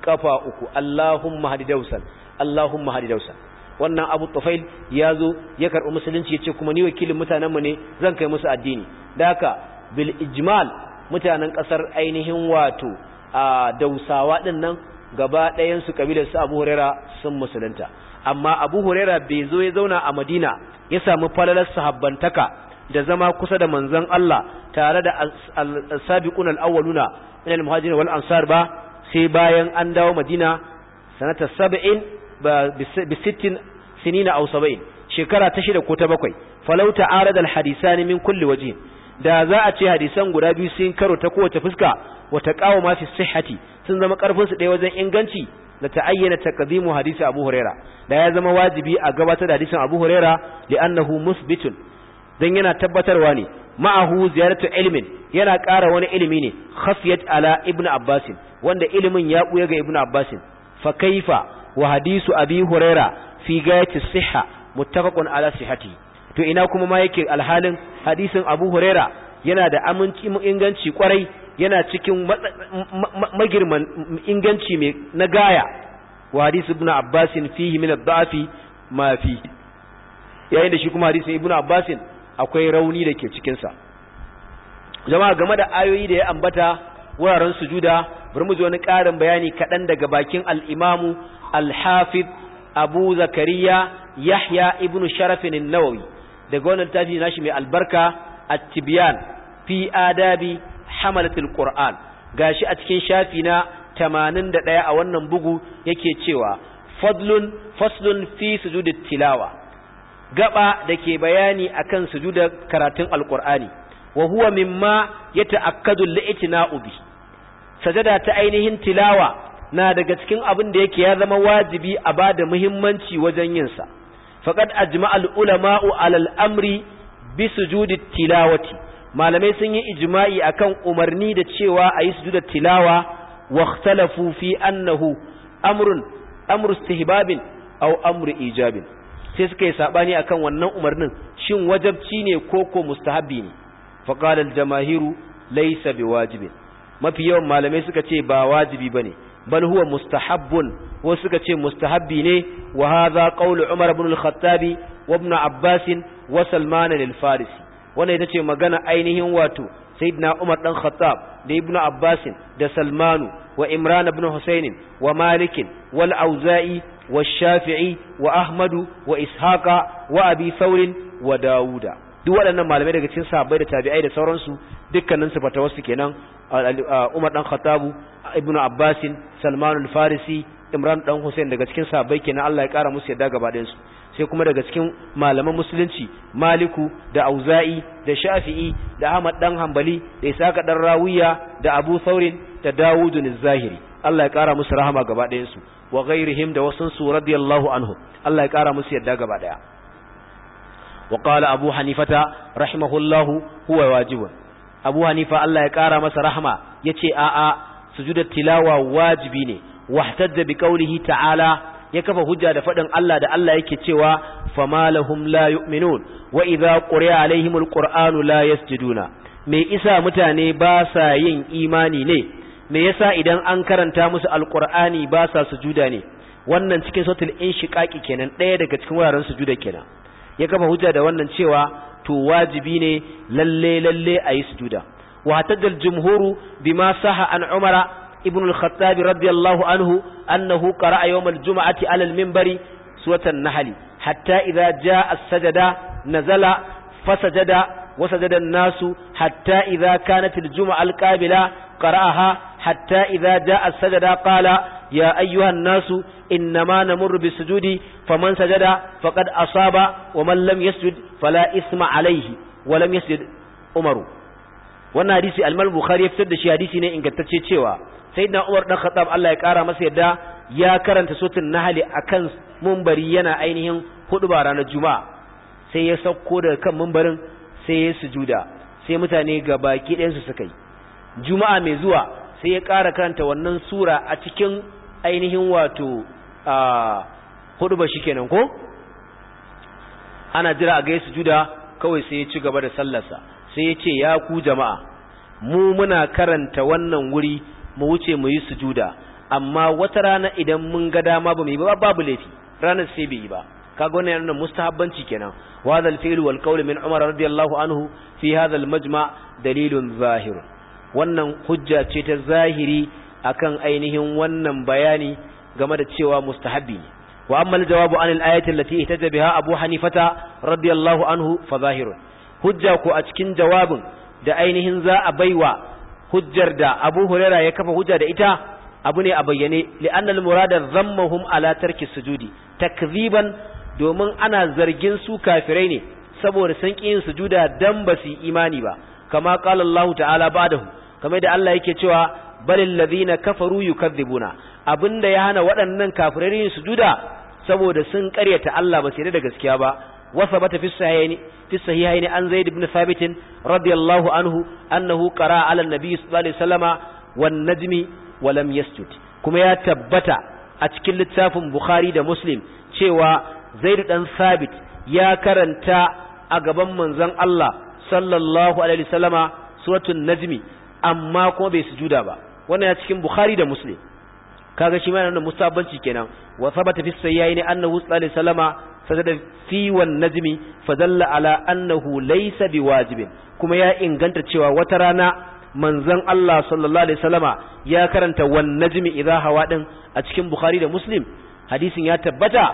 kafa uku Allahumma hadi Allahumma hadi wannan Abu Tufail ya zo ya karbi musulunci ya ce kuma ni wakilin mu ne zan kai musu addini da haka bil ijmal mutanen ƙasar ainihin wato a dausawa ɗin nan gaba ɗayansu kabilar su Abu Huraira sun musulunta amma Abu Huraira bai zo ya zauna a Madina ya samu falalar sahabbantaka da zama kusa da manzon Allah tare da as-sabiqun al-awwaluna min al-muhajirin wal ansar ba sai bayan an dawo Madina sanata 70 bi 60 sinina aw 70 shekara ta shida ko ta bakwai falau ta'arada al-hadisani min kulli wajhin da za a ce hadisan guda biyu sun karo ta kowace fuska wata qawa ma fi sihhati sun zama karfin su ɗaya wajen inganci da ta ta'ayyana taqdimu hadisi Abu Huraira da ya zama wajibi a gabatar da hadisin Abu Huraira annahu musbitun dan yana tabbatarwa ne ma'ahu ziyaratu ilmin yana ƙara wani ilimi ne khafiyat ala ibn abbas wanda ilimin ya buya ga ibn abbas fa kaifa wa hadisu abi huraira fi gayati sihha muttafaqun ala sihhati to ina kuma ma yake alhalin hadisin abu huraira yana da aminci inganci kwarai yana cikin magirman inganci mai na gaya wa hadisu ibn abbasin fihi min ad-da'fi ma fi yayin da shi kuma hadisin ibn abbasin akwai rauni da ke cikinsa jama'a game da ayoyi da ya ambata wuraren sujuda bari mu ji wani ƙarin bayani kaɗan daga bakin al'imamu al abu zakariya yahya ibnu sharafin nawawi daga wannan tafi shi mai albarka at-tibyan fi adabi hamalatul qur'an gashi a cikin shafi na 81 a wannan bugu yake cewa fadlun faslun fi sujudit tilawa gaba da ke bayani akan sujuda karatun alkur'ani wa huwa mimma ya ta'akkadu li'tina'u bi sajada ta ainihin tilawa na daga cikin abin da yake ya zama wajibi a ba da muhimmanci wajen yin sa faqad ajma'a al-ulama'u 'ala al-amri bi sujudi tilawati malamai sun yi ijma'i akan umarni da cewa a yi sujudar tilawa wa ikhtalafu fi annahu amrun amru istihbabin aw amru ijabin sai suka yi sabani akan wannan umarnin shin wajabci ne ko ko mustahabi ne fa qala al jamaahiru laysa biwajibin mafi yawan malamai suka ce ba wajibi bane bal huwa mustahabbun wa suka ce mustahabbi ne wa hadha qawlu umar ibn al-khattabi wa ibn abbas wa salman al-farisi wannan ita ce magana ainihin wato sayyidina umar dan khattab da ibn abbas da salmanu wa imran ibn husayn wa malik wal auza'i والشافعي وأحمد وإسحاق وأبي ثور وداود duk waɗannan malamai daga cikin sahabbai da tabi'ai da sauransu dukkanin su fatawa wasu kenan Umar dan Khattabu Ibn Abbas Salman al-Farisi Imran dan Hussein daga cikin sahabbai kenan Allah ya kara musu yadda gaba ɗayan su sai kuma daga cikin malaman musulunci Maliku da Auza'i da Shafi'i da Ahmad dan Hanbali da Isaka dan Rawiya da Abu Thawrin da Dawudun Zahiri Allah ya kara musu rahama gaba ɗayan su wa ghairihim da wasan su radiyallahu anhu Allah ya kara musu yadda gaba ɗaya wa qala abu hanifata rahimahullahu huwa wajibun abu hanifa Allah ya kara masa rahama yace a a sujudat tilawa wajibi ne wahtadda bi qawlihi ta'ala ya kafa hujja da faɗin Allah da Allah yake cewa famalahum la yu'minun wa idza quri'a alaihimul qur'anu la yasjuduna me isa mutane ba sa yin imani ne me yasa idan an karanta musu alqur'ani ba sa sujuda ne wannan cikin sautul inshiqaqi kenan ɗaya daga cikin wuraren sujuda kenan ya kafa hujja da wannan cewa to wajibi ne lalle lalle ayi sujuda wa hatajjal jumhuru bima saha an umara ibn al-khattab radiyallahu anhu annahu qara'a yawm al-jum'ati 'ala al-minbari suratan nahl hatta idha jaa as-sajada nazala fasajada وسجد الناس حتى إذا كانت الجمعة القابلة قرأها hatta idza a sadada qala ya ayyuhan nasu innama namurru bisujudi faman sajada faqad asaba wa man lam yasjud fala isma alayhi wa lam umaru wannan hadisi al-Imam Bukhari ya fitar da shi hadisi ne ingantacce cewa sayyidina Umar dan Khattab Allah ya kara masa yadda ya karanta sutun nahali akan munbari yana ainihin hudu ba ranar juma'a sai ya sauko daga kan munbarin sai ya sujuda sai mutane ga baki ɗayan su suka yi juma'a mai zuwa sai ya ƙara karanta wannan sura a cikin ainihin wato a hudu ba shi kenan ko ana jira a gaisu juda kawai sai ya ci gaba da sallarsa sai ya ce ya ku jama'a mu muna karanta wannan wuri mu wuce mu yi sujuda amma wata rana idan mun ga dama ba mu yi ba babu laifi ranar sai bai yi ba kaga wannan yana mustahabbanci kenan wa zal fi'lu wal qawlu min umar radiyallahu anhu fi hadha al majma' dalilun zahiru. wannan hujja ce ta zahiri akan ainihin wannan bayani game da cewa mustahabbi ne wa amma jawabu an al-ayati allati ihtaja biha Abu Hanifata radiyallahu anhu fa zahirun hujja ko a cikin jawabin da ainihin za a baiwa hujjar da Abu Huraira ya kafa hujja da ita abu ne a bayyane li'anna muradar murada zammahum ala tarki sujudi takziban domin ana zargin su kafirai ne saboda sun ƙi yin sujuda dan basu yi imani ba kama qala Allah ta'ala ba'dahu kamar da Allah yake cewa balil ladina kafaru yukadzibuna abinda ya hana waɗannan kafirai yin sujuda saboda sun ƙaryata Allah ba sai da gaskiya ba وثبت في الصحيحين في الصحيحين عن زيد بن ثابت رضي الله عنه أنه قرأ على النبي صلى الله عليه وسلم والنجم ولم ya كما a أتكل لتساف بخاري sallallahu alaihi wasallama suratul najmi amma kuma bai sujuda ba wannan ya cikin bukhari da muslim kaga shi ma nan musabanci kenan wa sabata fi ne annahu sallallahu alaihi wasallama sajada fi wan najmi fadalla ala annahu laysa biwajibin kuma ya inganta cewa wata rana manzon Allah sallallahu alaihi wasallama ya karanta wan najmi idha hawa din a cikin bukhari da muslim hadisin ya tabbata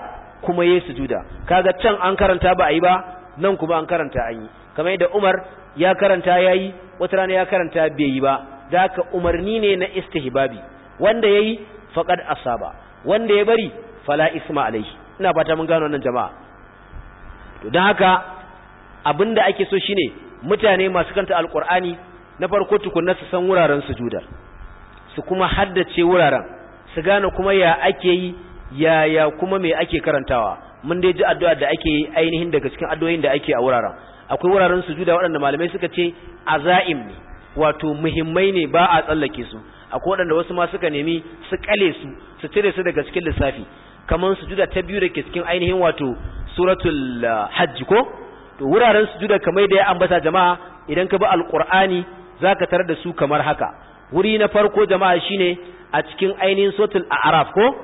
kuma yayi sujuda kaga can an karanta ba ayi ba nan kuma an karanta an yi kamar yadda Umar ya karanta yayi wata rana ya karanta bai yi ba da haka umarni ne na istihbabi wanda yayi faqad asaba wanda ya bari fala isma alaihi ina fata mun gano wannan jama'a to dan haka abinda ake so shine mutane masu kanta alqur'ani na farko tukunna su san wuraren sujudar su kuma haddace wuraren su gane kuma ya ake yi yaya kuma me ake karantawa mun dai ji addu'a da ake yi ainihin daga cikin addu'o'in da ake a wuraren akwai wuraren sujuda waɗanda malamai suka ce azaim ne wato muhimmai ne ba a tsallake su akwai waɗanda wasu ma suka nemi su kale su su cire su daga cikin lissafi kamar sujuda ta biyu da ke cikin ainihin wato suratul ah, hajji ko to wuraren sujuda kamar da ya ambata jama'a idan ka bi alqur'ani zaka tarar da su kamar haka wuri na farko jama'a shine a cikin ainihin suratul a'raf ko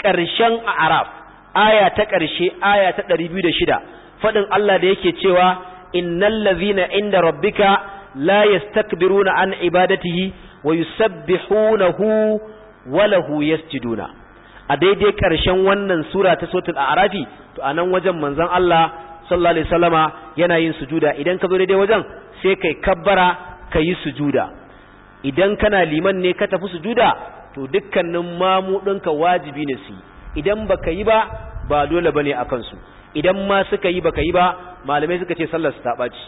ƙarshen a'raf aya ta ƙarshe aya ta ɗari biyu da shida faɗin Allah da yake cewa innal ladhina inda rabbika la yastakbiruna an ibadatihi wa yusabbihunahu wa lahu yasjuduna a daidai ƙarshen wannan sura ta suratul a'rafi to a nan wajen manzon Allah sallallahu alaihi yana yin sujuda idan ka zo daidai wajen sai kai kabbara kayi sujuda idan kana liman ne ka tafi sujuda to dukkanin mamudinka wajibi ne su idan baka yi ba ba dole bane a kansu idan ma suka yi baka yi ba malamai suka ce sallar su taɓaci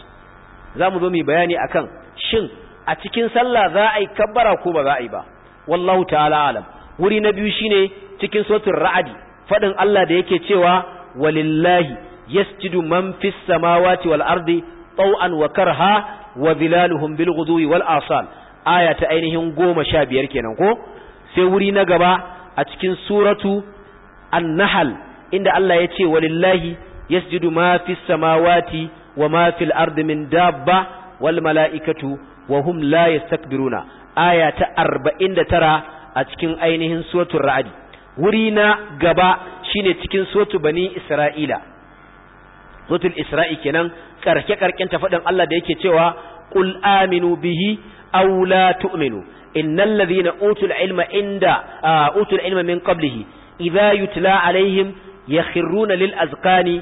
za mu zo mu bayani akan shin a cikin sallah za a yi kabbara ko ba za a yi ba wallahu ta'ala alam wuri na biyu shine cikin suratul ra'adi faɗin Allah da yake cewa walillahi yasjudu man fis samawati wal ardi taw'an wa karha wa zilaluhum bil ghudwi wal asal aya ta ainihin 15 kenan ko sai wuri na gaba a cikin suratu an inda Allah ya ce walillahi yasjudu ma fis samawati wa ma fil ardi min dabba wal mala'ikatu wa hum la yastakbiruna aya ta 49 a cikin ainihin suratul ra'd wuri na gaba shine cikin suratu bani isra'ila suratul isra'i kenan karke karken ta faɗin Allah da yake cewa qul aminu bihi aw la tu'minu innal ladhina utul ilma inda utul ilma min qablihi idza yutla alaihim yakhruna lil azqani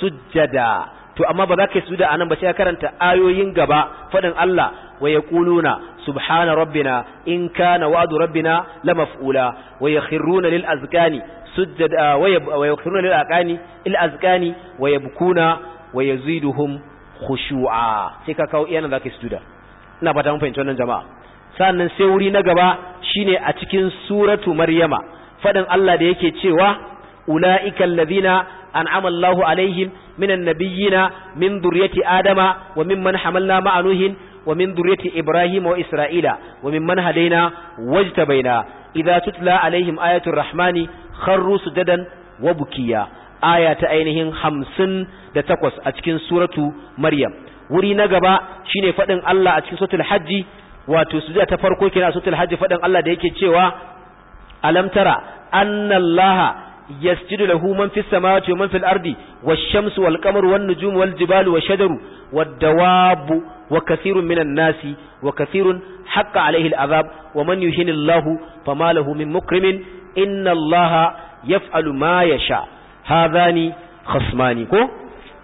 sujjada to amma ba za ka yi suda anan ba sai ka karanta ayoyin gaba fadin Allah wa yaquluna subhana rabbina in kana wa'du rabbina la maf'ula wa yakhruna lil azqani sujjada wa yakhruna lil azqani il azqani wa yabkuna wa yaziduhum khushu'a sai ka kawo iyanan za ka yi suda ina fata mun fahimci wannan jama'a sannan sai wuri na gaba shine a cikin suratu maryama faɗin Allah da yake cewa ula'ika alladhina an'ama Allahu alaihim minan nabiyyina min dhurriyyati adama wa mimman hamalna ma'a nuhin wa min dhurriyyati ibrahim wa isra'ila wa mimman hadaina wajtabaina idza tutla alaihim ayatul rahmani kharru sujadan wa bukiya aya ta ainihin 58 a cikin suratu maryam wuri na gaba shine faɗin Allah a cikin suratul hajji wato sujada ta farko kina suratul hajji fadin Allah da yake cewa alam tara anna allaha yasjudu lahu man fis samawati wa man fil ardi wash-shamsu wal-qamaru wan-nujumu wal-jibalu wash-shajaru wad-dawabu wa kathirun minan nasi wa kathirun haqqa alayhi al-azab wa man yuhinillahu fama lahu min mukrimin inna allaha yaf'alu ma yasha hadhani khasmani ko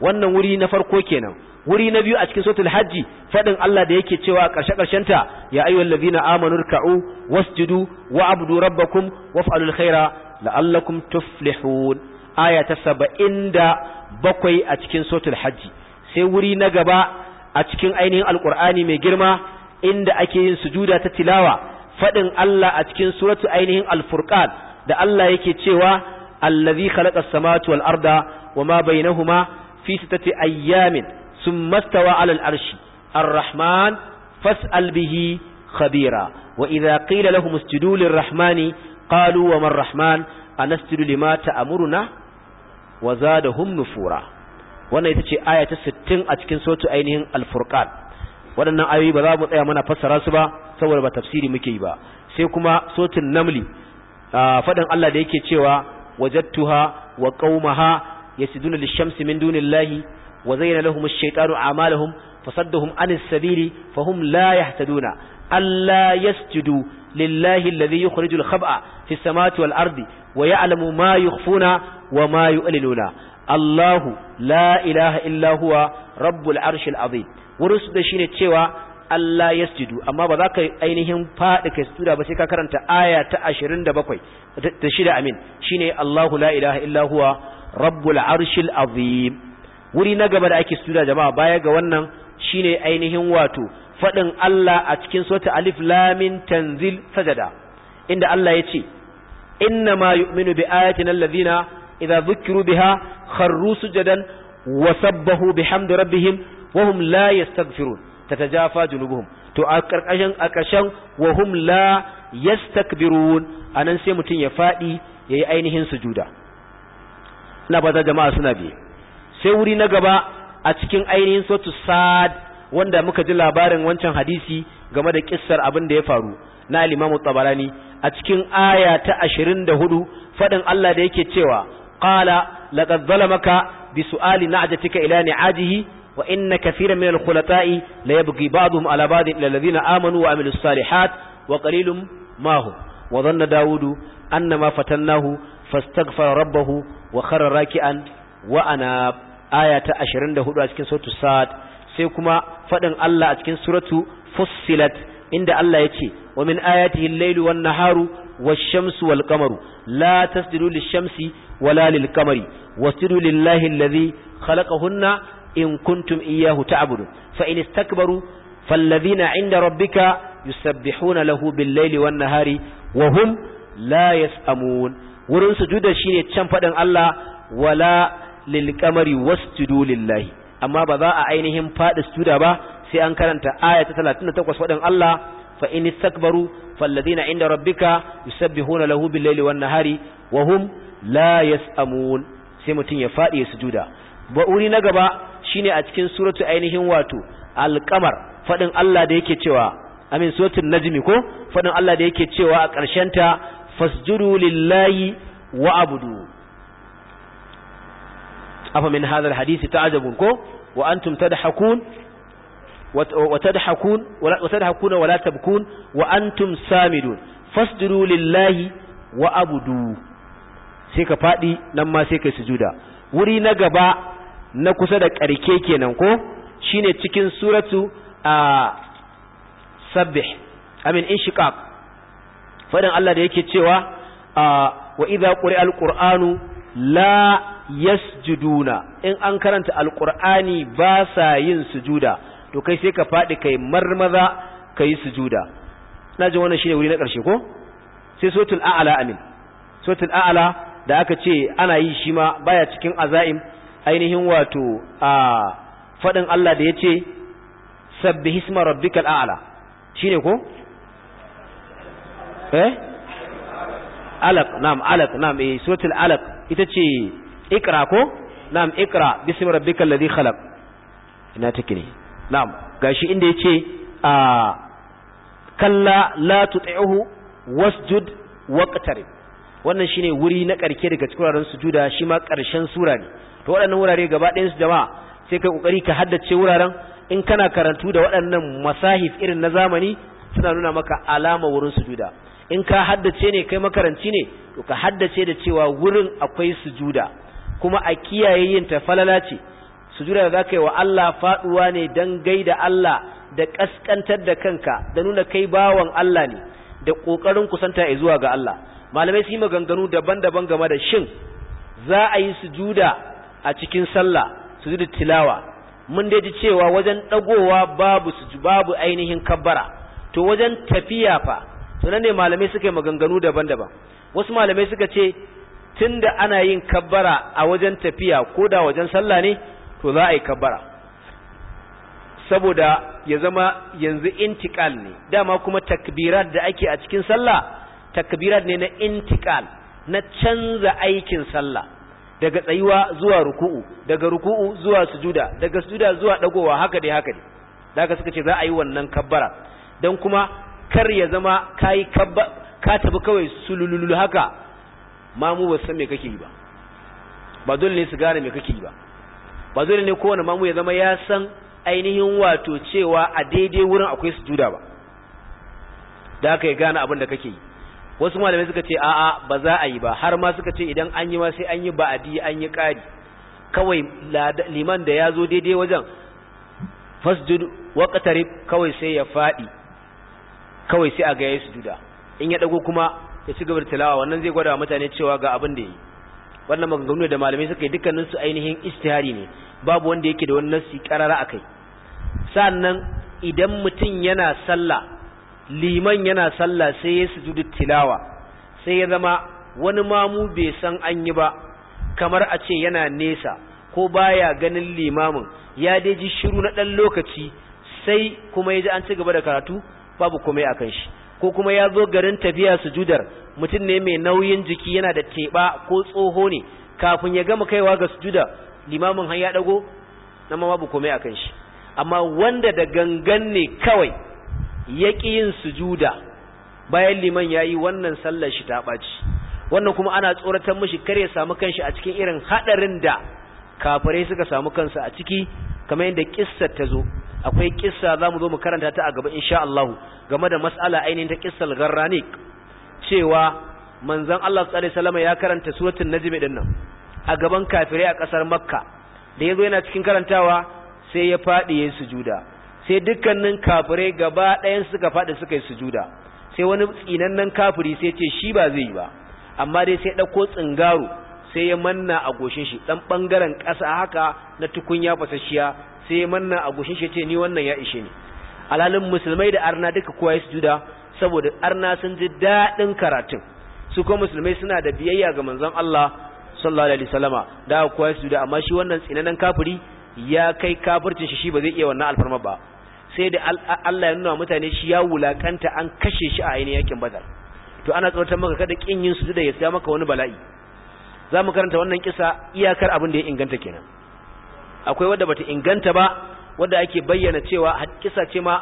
wannan wuri na farko kenan wuri na biyu a cikin suratul hajji fadin Allah da yake cewa karshe karshenta ya ayyuhal ladina amanu ka'u wasjudu wa'budu rabbakum waf'alul khaira la'allakum tuflihun aya ta bakwai a cikin suratul hajji sai wuri na gaba a cikin ainihin Alƙur'ani mai girma inda ake yin sujuda ta tilawa fadin Allah a cikin suratul ainihin alfurqan da Allah yake cewa allazi khalaqa as-samawati wal arda hu bainahuma fi sittati ayyamin sun mastawa alal arshi ar-rahman fas'al bihi khabira wa idza qila lahum isjudu lir-rahmani qalu wa man-rahman anasjudu lima ta'muruna wa zadahum nufura wannan ita ce aya ta 60 a cikin sotu ainihin al-furqan waɗannan ayoyi ba za mu tsaya mana fassara su ba saboda ba tafsiri muke yi ba sai kuma sotin namli faɗin Allah da yake cewa wajattuha wa qaumaha yasjuduna lish-shamsi min dunillahi wa zayyana lahum ash-shaytanu a'malahum fasaddahum 'anis sabili fahum la yahtaduna alla yasjudu lillahi alladhi yukhrijul khab'a fis samawati wal ardi wa ya'lamu ma yukhfuna wa ma yu'linuna Allahu la ilaha illa huwa rabbul arshil azim wurin su da shine cewa Allah ya sujudu amma ba za ka ainihin faɗi ka sujuda ba sai ka karanta aya ta 27 da shida amin shine Allahu la ilaha illa huwa rabbul arshil azim wuri na gaba da ake sujuda jama'a baya ga wannan shine ainihin wato faɗin Allah a cikin sura alif Lamin tanzil sajada inda Allah yace inna ma yu'minu bi ayatina alladhina idza dhukiru biha kharru sujadan wa sabbahu bihamdi rabbihim wa hum la yastaghfirun tatajafa junubuhum to a karkashin a kashan wa hum la yastakbirun anan sai mutun ya fadi yayi ainihin sujuda ina ba jama'a suna biye sai wuri na gaba a cikin ainihin sautu sad wanda muka ji labarin wancan hadisi game da kissar abin da ya faru na alimamu tabarani a cikin aya ta ashirin da hudu faɗin Allah da yake cewa qala laqad zalamaka bi su'ali ajatika ila ajihi wa inna kathiran min al-khulata'i la yabghi ba'dhum ala ba'd illa alladhina amanu wa amilus salihat wa qalilum ma hum wa dhanna dawudu annama fatannahu fastaghfara rabbahu wa kharra raki'an wa anab aya ta 24 a cikin suratu sad sai kuma fadin Allah a cikin suratu fussilat inda Allah ya ce wa min ayatihi al-lailu wan-naharu wash-shamsu wal-qamaru la tasjudu lish-shamsi wala lil-qamari wasjudu lillahi alladhi khalaqahunna in kuntum iyyahu ta'budun fa in istakbaru falladhina 'inda rabbika yusabbihuna lahu bil-laili wan-nahari wa hum la yas'amun wurin sujuda shine can fadin Allah wala lilkamari qamari wasjudu lillahi amma ba za a ainihin faɗi sujuda ba sai an karanta aya ta 38 faɗin Allah fa in istakbaru falladhina inda rabbika yusabbihuna lahu bil laili wan nahari wa hum la yasamun sai mutun ya faɗi ya sujuda ba wuri na gaba shine a cikin suratu ainihin wato al faɗin Allah da yake cewa amin suratul najmi ko faɗin Allah da yake cewa a ƙarshen ta fasjudu lillahi wa abudu afa min hadha alhadisi ta'ajabun ko wa antum tadhakun wa tadhakun wa tadhakuna wa la tabkun wa antum samidun fasjudu lillahi wa abudu sai ka fadi nan ma sai kai sujuda wuri na gaba na kusa da karke kenan ko shine cikin suratu a sabbih amin inshiqaq fadan Allah da yake cewa wa idza quri'al qur'anu la yasjuduna in an karanta alqur'ani ba sa yin sujuda to kai sai ka fadi kai marmaza kai sujuda ina ji wannan shine wuri na karshe ko sai suratul a'la amin suratul a'la da aka ce ana yi shi ma baya cikin azaim ainihin wato a fadin Allah da yace sabbihi isma rabbikal a'la shine ko eh alaq na'am alaq na'am eh suratul alaq ita ce ikra ko na'am ikra bismi rabbikal ladhi khalaq ina take ne na'am gashi inda yace a kalla la tuti'uhu wasjud waqtarib wannan shine wuri na karke daga cikin wuraren sujuda shi ma karshen sura ne to waɗannan wurare gaba ɗayan su jama'a sai kai kokari ka haddace wuraren in kana karantu da waɗannan masahif irin na zamani suna nuna maka alama wurin sujuda in ka haddace ne kai makaranci ne to ka haddace da cewa wurin akwai sujuda kuma a kiyaye yin ta falala ce sujuda da zaka yi wa Allah faduwa ne dan gaida Allah da kaskantar da kanka da nuna kai bawan Allah ne da kokarin kusanta zuwa ga Allah malamai su yi maganganu daban-daban game da shin za a yi sujuda a cikin sallah sujudu tilawa mun dai ji cewa wajen dagowa babu babu ainihin kabbara to wajen tafiya fa to ne malamai suka yi maganganu daban-daban wasu malamai suka ce tunda ana yin kabbara a wajen tafiya ko da wajen sallah ne to za a yi kabbara saboda ya zama yanzu intikal ne dama kuma takbirat da ake a cikin sallah takbirat ne na intikal na canza aikin sallah daga tsayuwa zuwa ruku'u daga ruku'u zuwa sujuda daga sujuda zuwa dagowa haka dai haka dai daga suka ce za a yi wannan kabbara don kuma kar ya zama kabba ka tafi kawai sulululu haka mamu ba san me kake yi ba ba dole ne su gane me kake yi ba ba dole ne kowane mamu ya zama ya san ainihin wato cewa a daidai wurin akwai sujuda ba da aka yi gane abin da kake yi wasu malamai suka ce a'a ba za a yi ba har ma suka ce idan an yi ma sai an yi adi an yi kari kawai liman da ya zo daidai wajen fasjud waqtarib kawai sai ya fadi kawai sai a ga yayi sujuda in ya dago kuma ya ci gabar da tilawa wannan zai gwada mutane cewa ga abin da yi wannan maganganu da malamai suka yi dukkanin su ainihin istihari ne babu wanda yake da wannan nasi karara akai sannan idan mutum yana sallah liman yana sallah sai ya sujudu tilawa sai ya zama wani mamu bai san an yi ba kamar a ce yana nesa ko baya ganin limamin ya dai shiru na ɗan lokaci sai kuma ya ji an ci gaba da karatu babu komai kan shi ko kuma ya zo garin tafiya sujudar mutum ne mai nauyin jiki yana da teɓa ko tsoho ne kafin ya gama kaiwa ga sujuda limamin har ya dago na ma babu komai akan shi amma wanda da gangan ne kawai ya yin sujuda bayan liman ya yi wannan sallar shi ta ɓaci wannan kuma ana tsoratar mashi kar ya samu kanshi a cikin irin haɗarin da kafirai suka samu kansa a ciki kamar yadda kissar ta zo akwai kissa za mu zo mu karanta ta a gaba insha Allah game da mas'ala ainihin ta kissal garranik cewa manzon Allah sallallahu alaihi wasallam ya karanta suratul najm din nan a gaban kafirai a kasar makka da yazo yana cikin karantawa sai ya fadi ya sujuda sai dukkanin kafirai gaba ɗayan suka fadi suka yi sujuda sai wani tsinannen kafiri sai ce shi ba zai yi ba amma dai sai dauko tsingaro sai ya manna a goshin shi ɗan bangaren kasa haka na tukunya fasashiya. sai manna a gushin shi ce ni wannan ya ishe ni alhalin musulmai da arna duka kowa ya sujuda saboda arna sun ji daɗin karatun su kuma musulmai suna da biyayya ga manzon Allah sallallahu alaihi wasallama da kowa ya sujuda amma shi wannan tsinanan kafiri ya kai kafircin shi shi ba zai iya wannan alfarma ba sai da Allah ya nuna mutane shi ya wulakanta an kashe shi a ainihin yakin badar to ana tsoratar maka kada kin yin sujuda ya sa maka wani bala'i za mu karanta wannan kisa iyakar abin da ya inganta kenan akwai wadda bata inganta ba wadda ake bayyana cewa kisa ce ma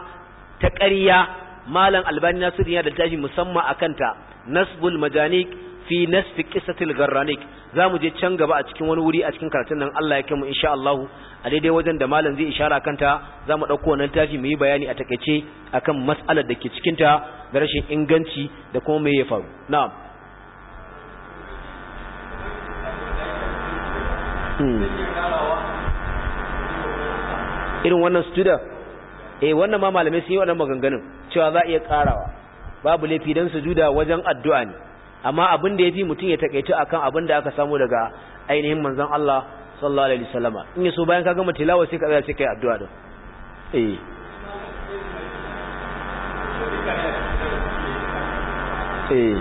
ta ƙarya malam albani nasirin ya da tashi musamman a kanta nasbul majanik fi nasfi qisatil garranik za mu je can gaba a cikin wani wuri a cikin karatun nan Allah ya kaimu insha Allah a daidai wajen da malam zai ishara kanta za mu ɗauko wannan tafi mu yi bayani a takaice akan mas'alar da ke cikin ta da rashin inganci da kuma me ya faru na'am hmm. irin wannan student eh wannan ma malamai sun yi wannan maganganun cewa za a iya karawa babu laifi dan juda wajen addu'a ne amma abin da yafi mutum ya takaitu akan abin da aka samu daga ainihin manzon Allah sallallahu alaihi wasallama in ya so bayan ka gama tilawa sai ka tsaya sai kai addu'a din eh eh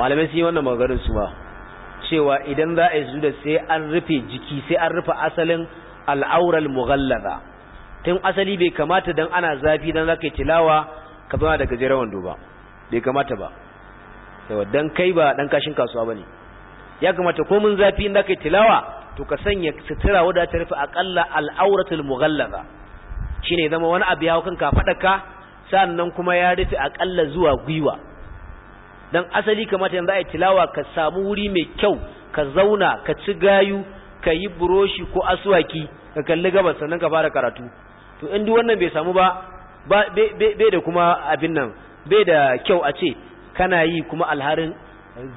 malamai sun yi wannan maganganun su ba cewa idan za a yi sujuda sai an rufe jiki sai an rufe asalin al'aural mughallaza tun asali bai kamata dan ana zafi dan zaka yi tilawa ka zama da gajeren wando ba bai kamata ba yawa dan kai ba dan kashin kasuwa bane ya kamata ko mun zafi in zaka yi tilawa to ka sanya sutura wadda ta rufe akalla al'auratul mughallaza shine zama wani abu ya hau kanka fadaka sannan kuma ya rufe akalla zuwa gwiwa dan asali kamata yanzu ai tilawa ka samu wuri mai kyau ka zauna ka ci gayu ka yi buroshi ko aswaki ka kalli gabas sannan ka fara karatu to in duk wannan bai samu ba bai da kuma abin nan bai da kyau a ce kana yi kuma alharin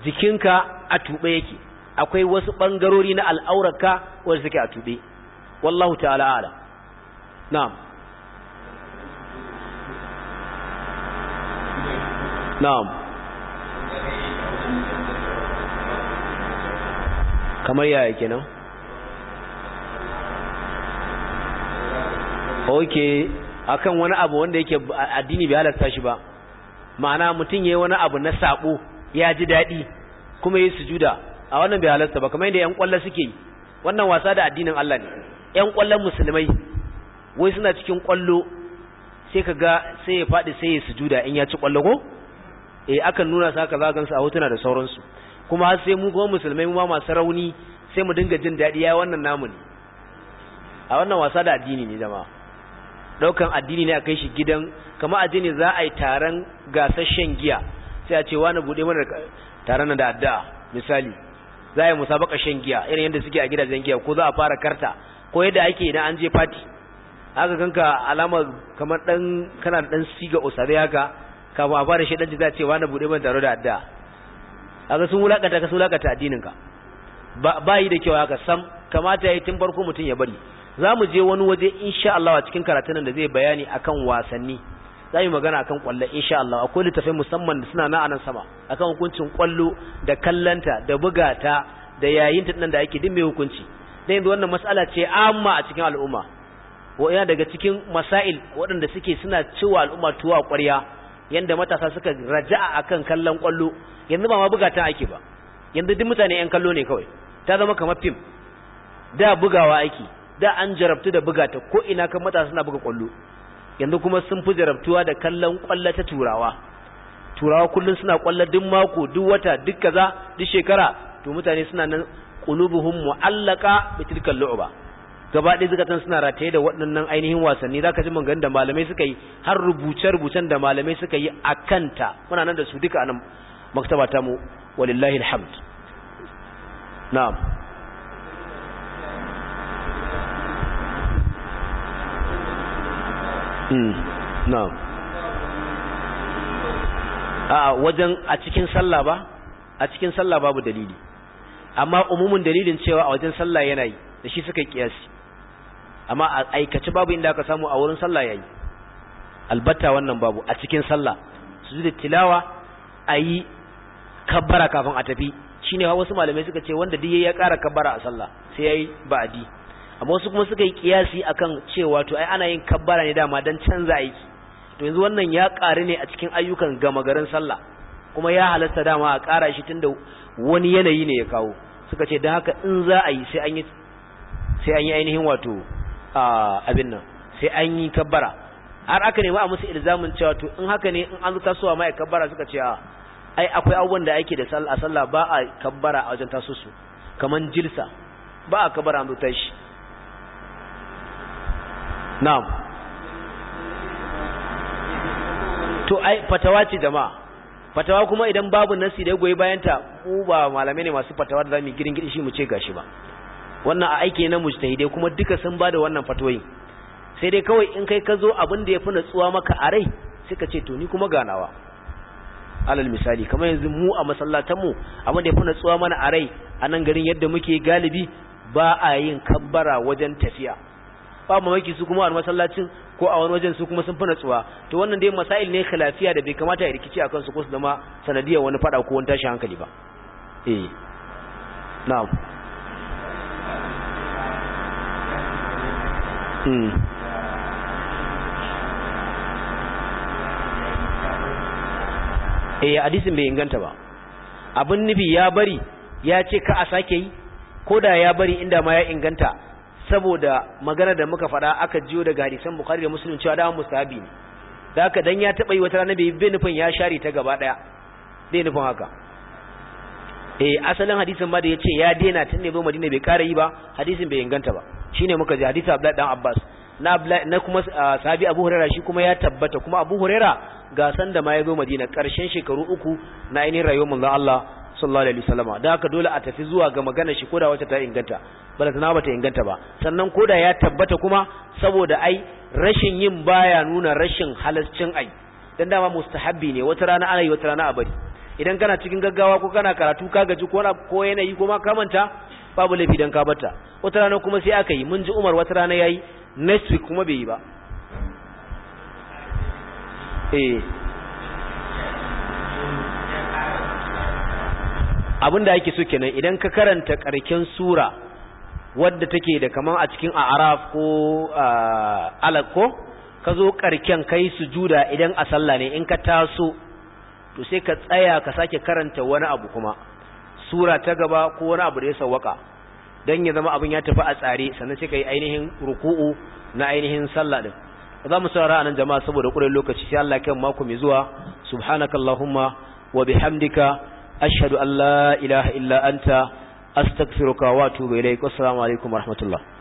jikinka a tuɓe yake akwai wasu ɓangarori na al'aurarka wanda suke a tube. wallahu ta'ala ala na'am na'am kamar yaya kenan ok akan wani abu wanda yake addini bai halatta shi ba ma'ana mutum yayi wani abu na sabo ya ji daɗi kuma yayi sujuda a wannan bai halatta ba kamar yadda yan kwallo suke yi wannan wasa da addinin Allah ne yan kwallon musulmai wai suna cikin kwallo sai ka ga sai ya faɗi sai ya sujuda in ya ci kwallo ko eh akan nuna su ka za gansu a hotuna da sauransu kuma har sai mu kuma musulmai mu ma masu rauni sai mu dinga jin daɗi ya wannan namu ne a wannan wasa da addini ne jama'a daukan addini ne a kai shi gidan kama addini za a yi taron gasashen shan giya sai a ce wani buɗe mana taron da addu'a misali za a yi musabaka shan giya irin yadda suke a gidajen giya ko za a fara karta ko yadda ake idan an je fati haka kanka alama kamar dan kana dan siga osare haka kama a fara shi dan ji za a ce wani buɗe mana taro da addu'a kaga sun wulakata ka sun wulakata addinin ba yi da kyau ka sam kamata yayi tun farko mutun ya bari zamu je wani waje insha Allah a cikin karatun da zai bayani akan wasanni zai magana akan kwallo insha Allah akwai litafai musamman da suna na anan sama akan hukuncin kwallo da kallanta da bugata da yayin ta da ake din mai hukunci dan yanzu wannan mas'ala ce amma a cikin al'umma wa yana daga cikin masail waɗanda suke suna cewa al'umma tuwa ƙwarya yanda matasa suka a kan kallon kwallo yanzu ba ma buga ta ake ba yanzu duk mutane yan kallo ne kawai ta zama kamar fim da bugawa aiki da an jarabtu da buga ta ko ina kan matasa suna buga kwallo yanzu kuma sun fi jarabtuwa da kallon kwallo ta turawa turawa kullun suna kwallo duk mako duk wata duk kaza duk shekara to mutane suna nan qulubuhum mu'allaqa bitilkal lu'ba gaba ɗaya zukatan suna rataye da waɗannan ainihin wasanni za ka ji mangan da malamai suka yi har rubuce-rubucen da malamai suka yi a kanta muna nan da su duka a nan maktaba ta mu walillahi alhamd na'am hmm. na'am a wajen a cikin sallah ba a cikin sallah babu dalili amma umumin dalilin cewa a wajen sallah yana yi da shi suka yi kiyasi amma a aikace babu inda aka samu a wurin sallah yayi albatta wannan babu a cikin sallah sujudu tilawa ayi kabbara kafin a tafi shine wasu malamai suka ce wanda duk ya ƙara kabbara a sallah sai yayi ba'di amma wasu kuma suka yi kiyasi akan cewa to ai ana yin kabbara ne dama dan canza aiki to yanzu wannan ya ƙare ne a cikin ayyukan gama garin sallah kuma ya halasta dama a ƙara shi tunda wani yanayi ne ya kawo suka ce don haka in za a yi sai an yi ainihin wato abin nan sai an yi kabbara har aka nema a musu ilzamin cewa to in haka ne in an zo tasowa mai kabbara suka ce ai akwai abubuwan da ake da sallah sallah ba a kabbara a wajen taso su kaman jilsa ba a kabbara an zo tashi na'am to ai fatawa ce jama'a fatawa kuma idan babu nasi da goyi bayanta ku ba malamai ne masu fatawa da zamu girin girin shi mu ce gashi ba wannan a aiki na mujtahidai kuma duka sun bada wannan fatoyin sai dai kawai in kai ka zo abin da yafi natsuwa maka a rai sai ka ce to ni kuma ganawa alal misali kamar yanzu mu a masallatan mu abin da yafi natsuwa mana a rai a nan garin yadda muke galibi ba a yin kabbara wajen tafiya ba maki su kuma a masallacin ko a wani wajen su kuma sun fi natsuwa to wannan dai masail ne khilafiya da bai kamata ya rikici akan su ko su zama sanadiyar wani fada ko wani tashin hankali ba eh na'am Hmm. eh hadisin bai inganta ba abin nufi ya bari ya ce ka a sake yi ko da ya bari inda ma ya inganta saboda magana da muka faɗa aka jiyo daga hadisan bukhari da muslim cewa da musabi ne da haka dan ya taɓa yi wata rana bai bi nufin ya share ta gaba ɗaya bai nufin haka eh asalin hadisin ma da ya ce ya daina tun ne zo madina bai ƙara yi ba hadisin bai inganta ba shine muka ji hadisi Abdullahi dan Abbas na na kuma ah, sahabi Abu Hurairah shi kuma ya tabbata kuma Abu Hurairah ga san da ma yazo Madina karshen shekaru uku na ainin rayuwar manzon Allah sallallahu alaihi wasallama da haka dole a tafi zuwa ga magana shi koda wacce ta inganta bala tana bata inganta ba sannan koda ya tabbata kuma saboda ai rashin yin baya nuna rashin halascin ai dan dama mustahabbi ne wata rana ana yi wata rana a bari idan kana cikin gaggawa ko kana karatu ka gaji ko yana yi ko ma kamanta babu laifi dan ka bata wata rana kuma sai aka yi mun ji Umar wata rana yayi next week kuma bai yi ba eh da ake so kenan idan ka karanta karken sura wadda take da kaman a cikin a'raf ko ah, alaq ko ka zo karken kai sujuda idan a sallah ne in ka taso to sai ka tsaya ka sake karanta wani abu kuma sura ta gaba ko wani abu da ya sawwaka dan ya zama abin ya tafi a tsare sannan sai yi ainihin ruku'u na ainihin sallah din za mu saurara nan jama'a saboda kuren lokaci sai Allah kan mako mai zuwa subhanakallahumma wa bihamdika ashhadu an la ilaha illa anta astaghfiruka wa atubu ilaik assalamu alaikum warahmatullahi